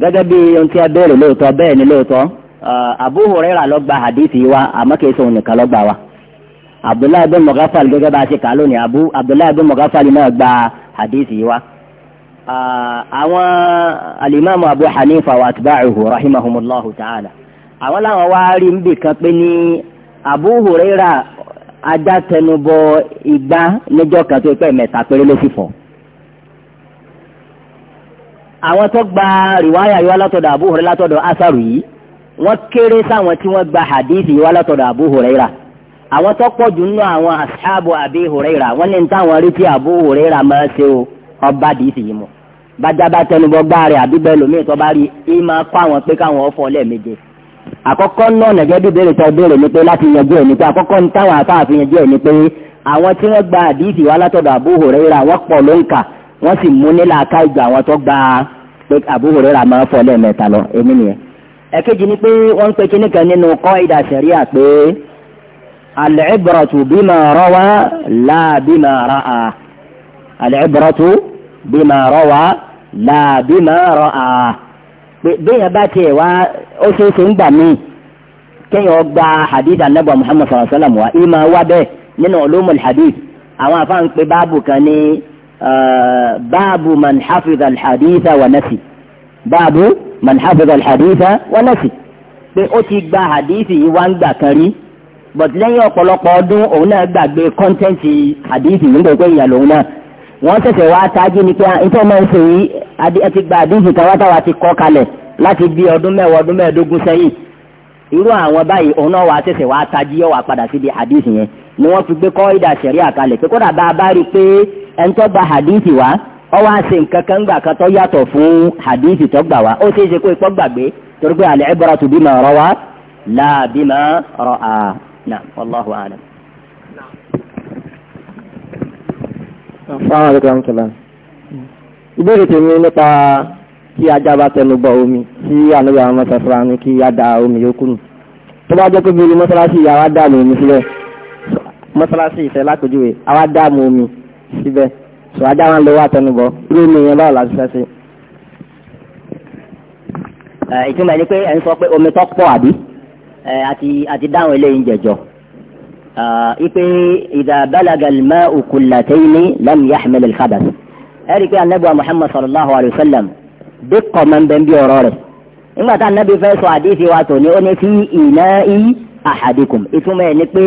gẹ́gẹ́ bí ohun tí a béèrè lóòótọ́ bẹ́ẹ̀ ni lóòótọ́ Abu Huraira ló gba hadithi wa àmọ́ kìí sóhun nìkan ló gbà wa Abdullahi bin Mughaffal gẹ́gẹ́ bá a ṣe kà lónìí Abu Abdullahi bin Mughaffal náà gba hadithi wa àwọn alimami Abu Hanifa wa atba'uhu rahimahumullahu ta'ala àwọn làwọn wá rí nbì kan pé ní Abu Huraira ajá tẹnubọ igba níjọ́ kan tó pẹ́ mẹ́ta péré ló sì fọ́ àwọn tó gba rìwáyà yìí wá látọ̀dọ̀ Abu Hurairah látọ̀dọ̀ asaru yìí wọ́n kéré sáwọn tí wọ́n gba hadith yìí wá látọ̀dọ̀ Abu Hurairah àwọn tó pọ̀ jù nínú àwọn ashabu Abi Hurairah wọ́n ní táwọn rí tí Abu Hurairah máa ṣe o ọba hadith yìí mu bájábá tẹnubọ gbáre àbí bẹ́ẹ̀ lómi ìtọ́ bá rí i máa kọ́ àwọn pé káwọn ọ̀fọ̀ lẹ́ẹ̀méje àkọ́kọ́ náà nàgẹ́ bí béèrè tó béèrè ni pé láti yanjú ẹ̀ ni pé àkọ́kọ́ ní táwọn afáàfin yanjú ẹ̀ ni pé àwọn tí wọ́n gba hadith wá wọ́n sì mú nílà ká ìgbà àwọn tó gba pé Abu Hurairah máa fọ́ lẹ́ẹ̀mẹ́ta lọ èmi nìyẹn. ẹ̀kejì ni pé wọ́n ń pe kíní kan nínú qaida sharia pé al-ibratu bima rawa la bima ra'a al-ibratu bima rawa la bima ra'a bẹ́ẹ̀ bá tiẹ̀ wá ó ṣeé ṣe ń gbà míì kéèyàn gba hadith anabu muhammad sallallahu alaihi wa ima wa bẹ́ẹ̀ nínú ulumul hadith àwọn afáàn báàbù kan ní báàbù man hafiz alhaditha wa nasi báàbù man hafiz alhaditha wa nasi pé ó ti gba hadithi yìí wá ń gbà kan rí but lẹ́yìn ọ̀pọ̀lọpọ̀ ọdún òun náà gbàgbé kọ́ńtẹ́ǹtì hadithi yìí ń bẹ̀ pé ìyàn lòun náà wọ́n ṣẹ̀ṣẹ̀ wá tají ni pé ah, nítorí máa ń ṣe yìí ẹ ti gba hadithi kan wá táwa ti kọ́ kalẹ̀ láti bí ọdún mẹ́wàá ọdún mẹ́ẹ̀ẹ́dógún sẹ́yìn irú àwọn báyìí òun náà wàá ṣẹ̀ṣẹ̀ wàá tají yóò wá padà síbi hadithi yẹn ni wọ́n fi gbé kọ́ ìdà ṣẹ̀rí àkalẹ̀ pé kódà bá a bá rí pé ẹni tó gba hadithi wá ọ wá ṣe nǹkan kan gbà kan tó yàtọ̀ fún hadithi tó gbà wá ó ṣeé ṣe kó ipò gbàgbé torí pé al-ibratu bima rawa la bima ra'a náà wallahu a'lam. Assalamu alaikum warahmatullahi ìbéèrè tèmi nípa kí ajá bá tẹnu bọ omi tí ànábì àwọn mọ́sàfúra ní kí á da omi yókù nù tó bá jẹ́ pé bí mọ́sálásí àwa dààmú omi sílẹ̀ mọ́sálásí ìfẹ́ lápèjúwe àwa dààmú omi síbẹ̀ sọ ajá wọn lè wá àtẹnubọ irú omi yẹn báwo la ti fẹ́ sí. ìtumọ̀ ẹni pé ẹ ń sọ pé omi tó pọ̀ àbí àti dáhùn eléyìí jẹ̀jọ́ ipe idha balaga al-ma'u kullatayni lam yahmil al-khabath ẹ̀rí pé anábìwá muhammad sallallahu alayhi wa sallam dẹ́kọ̀ máa ń bẹ bí ọ̀rọ̀ rẹ̀ nígbà tá anábì fẹ́ sọ àdéhìí wa tò ní ó ní fi ina'i ahadikum ìtumọ̀ ẹ̀ pé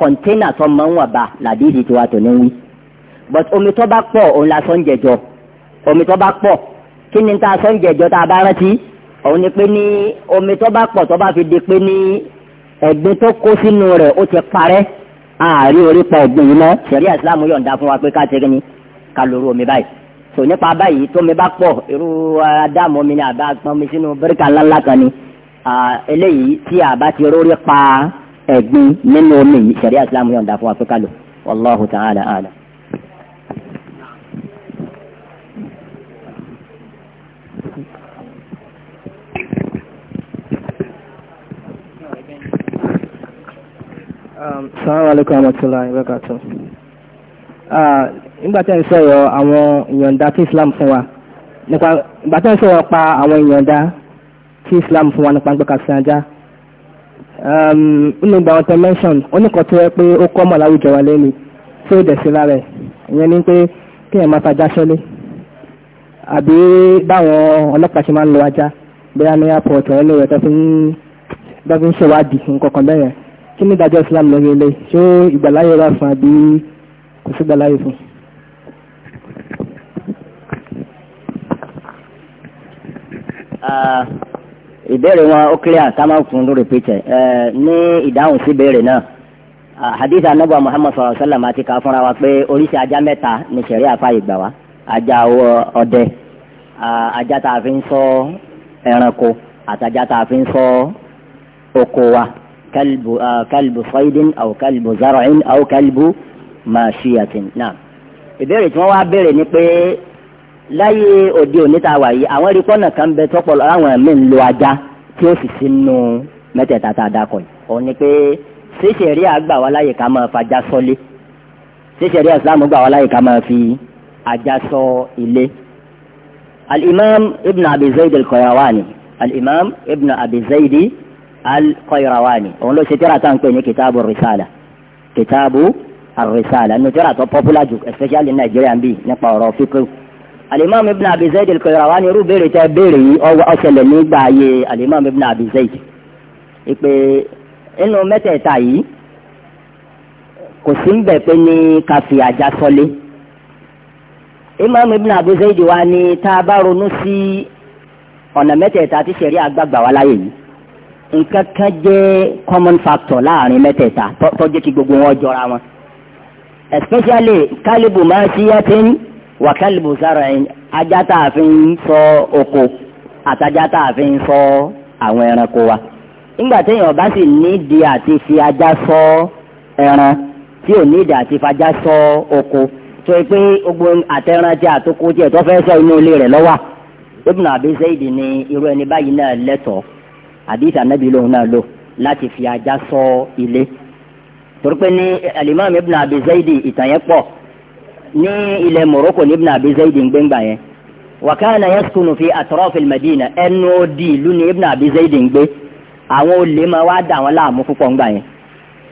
kọ̀ńténà tó máa ń wà bá làdéhìí tiwa tò ní wí but omi tó bá pọ̀ òun la sọ ń jẹjọ omi tó bá pọ̀ kí ni ta sọ ń jẹjọ tá a bá rántí òun ni pé ní omi tó bá pọ̀ tó bá fi di pé ní ẹ̀gbin tó kó sínú rẹ̀ ó ti parẹ́ àárín orí pa ẹ̀gbin yìí mọ́ sẹ̀rí àsìlámù yọ̀ǹda fún wa pé ká tẹ́gẹ́ ni ká lóru omi báyìí tò nípa báyìí tómi bá pọ̀ irú adáàmú omi ni àbá pọn mi sínú bíríkà ńláńlá kan ni eléyìí tí àbá ti rórí pa ẹ̀gbin nínú omi yìí sẹ̀rí àsìlámù yọ̀ǹda fún wa pé ká lò wallahu ta'ala a'lam. Um, Assalamu alaikum warahmatullahi wabarakatuh. Ah, nígbà tí a ń sọ̀rọ̀ àwọn ìyọ̀ǹda tí Islam fún wa nípa ìgbà tí a ń sọ̀rọ̀ pa àwọn ìyọ̀ǹda tí Islam fún wa nípa gbẹ́ka sí ajá um, nínú ìgbà wọn tẹ mention oníkan tó yẹ pé ó ni pé kí ẹ̀ máa tajá ṣọ́lé àbí kí ni ìdájọ́ Islam lórí ilé ṣó ìgbàláyé wà fún àbí kò sí ìgbàláyé fún. ìbéèrè wọn ó clear ká máa fún lórí pété ní ìdáhùn sí ìbéèrè náà hadith anabu muhammad sallallahu alaihi wa sallam àti ká fúnra wa pé oríṣi ajá mẹ́ta ni sẹ̀rí àfààyè gbà wá ajá ọdẹ ajá tá a fi ń ṣọ́ ẹranko àtajá tá a fi ń ṣọ́ oko wa. كلب آه كلب صيد أو كلب زرع أو كلب ماشية نعم ìbéèrè tí wọ́n wá béèrè ni pé láyé òde òní tá a wà yìí àwọn erékọ́ náà kan bẹ tọ́pọ̀ láwọn ẹ̀mí ń lo ajá tí ó sì sínú mẹ́tẹ̀ẹ̀ta tá a dákọ̀ yìí òun ni pé ṣíṣe rí àgbà wá láyè ká máa fajá sọ́lé ṣíṣe ìsìlámù gbà wá láyè ká máa fi ajá sọ ilé. al ibn abi zayd al-qayrawani al ibn abi al-Qayrawani òun ló ṣe tíra tá à ń pè ní kitabu risala kitabu ar nínú tíra tó popular jù especially Nàìjíríà bíi nípa ọ̀rọ̀ fíkú. alimam ibn abi zayd al-Qayrawani irú béèrè tẹ béèrè yìí ó ṣẹlẹ̀ nígbà ayé alimam ibn abi zayd. ìpè inú mẹ́tẹ̀ẹ̀ta yìí kò sí ń bẹ̀ pé ní káfí ajá sọlé. imam ibn abi wa ni tá a bá ronú sí ọ̀nà mẹ́tẹ̀ẹ̀ta tí ṣẹ̀rí àgbàgbà wa láyé yìí nǹkan kan jẹ́ common factor láàrin mẹ́tẹ̀ẹ̀ta tó jẹ́ kí gbogbo wọn jọra wọn especially kálíbù máa ṣíyàtìn wà kálíbù sára ẹ̀ ajá tá a fi ń sọ oko àtajá tá a fi ń sọ àwọn ẹranko wa nígbà téèyàn bá sì nídìí àti fi ajá sọ ẹran tí ò nídìí àti fajá sọ oko tó yẹ pé gbogbo àtẹran tí àtòkò tí ẹ̀ tó fẹ́ sọ inú ilé rẹ̀ lọ́wọ́ Ibn Abi Zaidi ni irú ẹni báyìí náà lẹ́tọ̀ọ́ hadith anabi lòun náà lò láti fi ajá sọ ilé torí pé ní alimami ibn abi zaidi ìtàn yẹn pọ̀ ní ilẹ̀ morocco ní ibn abi zaidi ń gbéǹgbà yẹn wakana yaskunu fi atrofil madina ẹnu odi ìlú ní ibn abi zaidi ń gbé àwọn olè máa wá dà wọn láàmú púpọ̀ ńgbà yẹn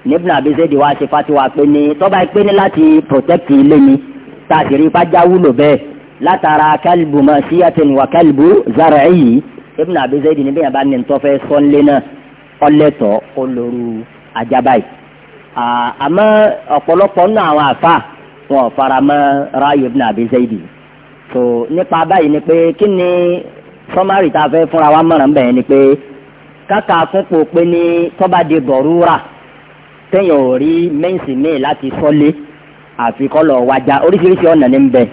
ní ibn abi zaidi wá ṣe fatiwa pé ní tọ́ba pé ní láti protect ilé mi tá a sì rí ipá já wúlò bẹ́ẹ̀ látara kálíbù masíyàtìn wà kálíbù zara'i Ibn Abi Zaid níbẹ̀ yẹn bá ní ntọ́fẹ́ sọ́nlé náà ọlẹ́tọ̀ olóru ajaba yìí. àmọ́ ọ̀pọ̀lọpọ̀ nínú àwọn àfa wọn fara mọ́ ráàyè Ibn Abi Zaid. tó nípa báyìí ni pé kí ni sọ́márì ni pé pé ní tọ́ba di bọ̀rúra téèyàn ò rí mẹ́ǹsì míì láti sọ́lé àfi wájà oríṣiríṣi ọ̀nà ní ń bẹ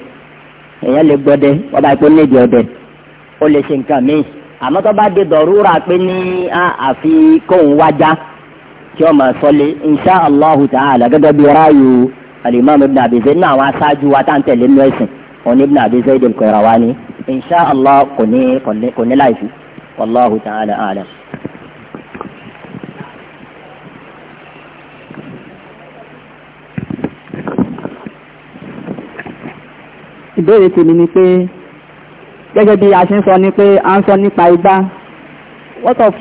èèyàn lè gbọ́dẹ àmọ́ tó bá dé dọ̀rúra pé ní àfi kóun wájà tí ó máa sọlé insha allahu ta'ala gẹ́gẹ́ bí ráàyò alimami ibn abi zayd náà àwọn aṣáájú wa tá à ń tẹ̀lé nínú ẹ̀sìn òní ibn abi zayd al-Qayrawani insha allah kò ní kò ní láìsí wallahu ta'ala a'lam. ìbéèrè tèmi ni pé gẹ́gẹ́ bí a ṣe ń sọ ní pé a ń sọ nípa igbá what of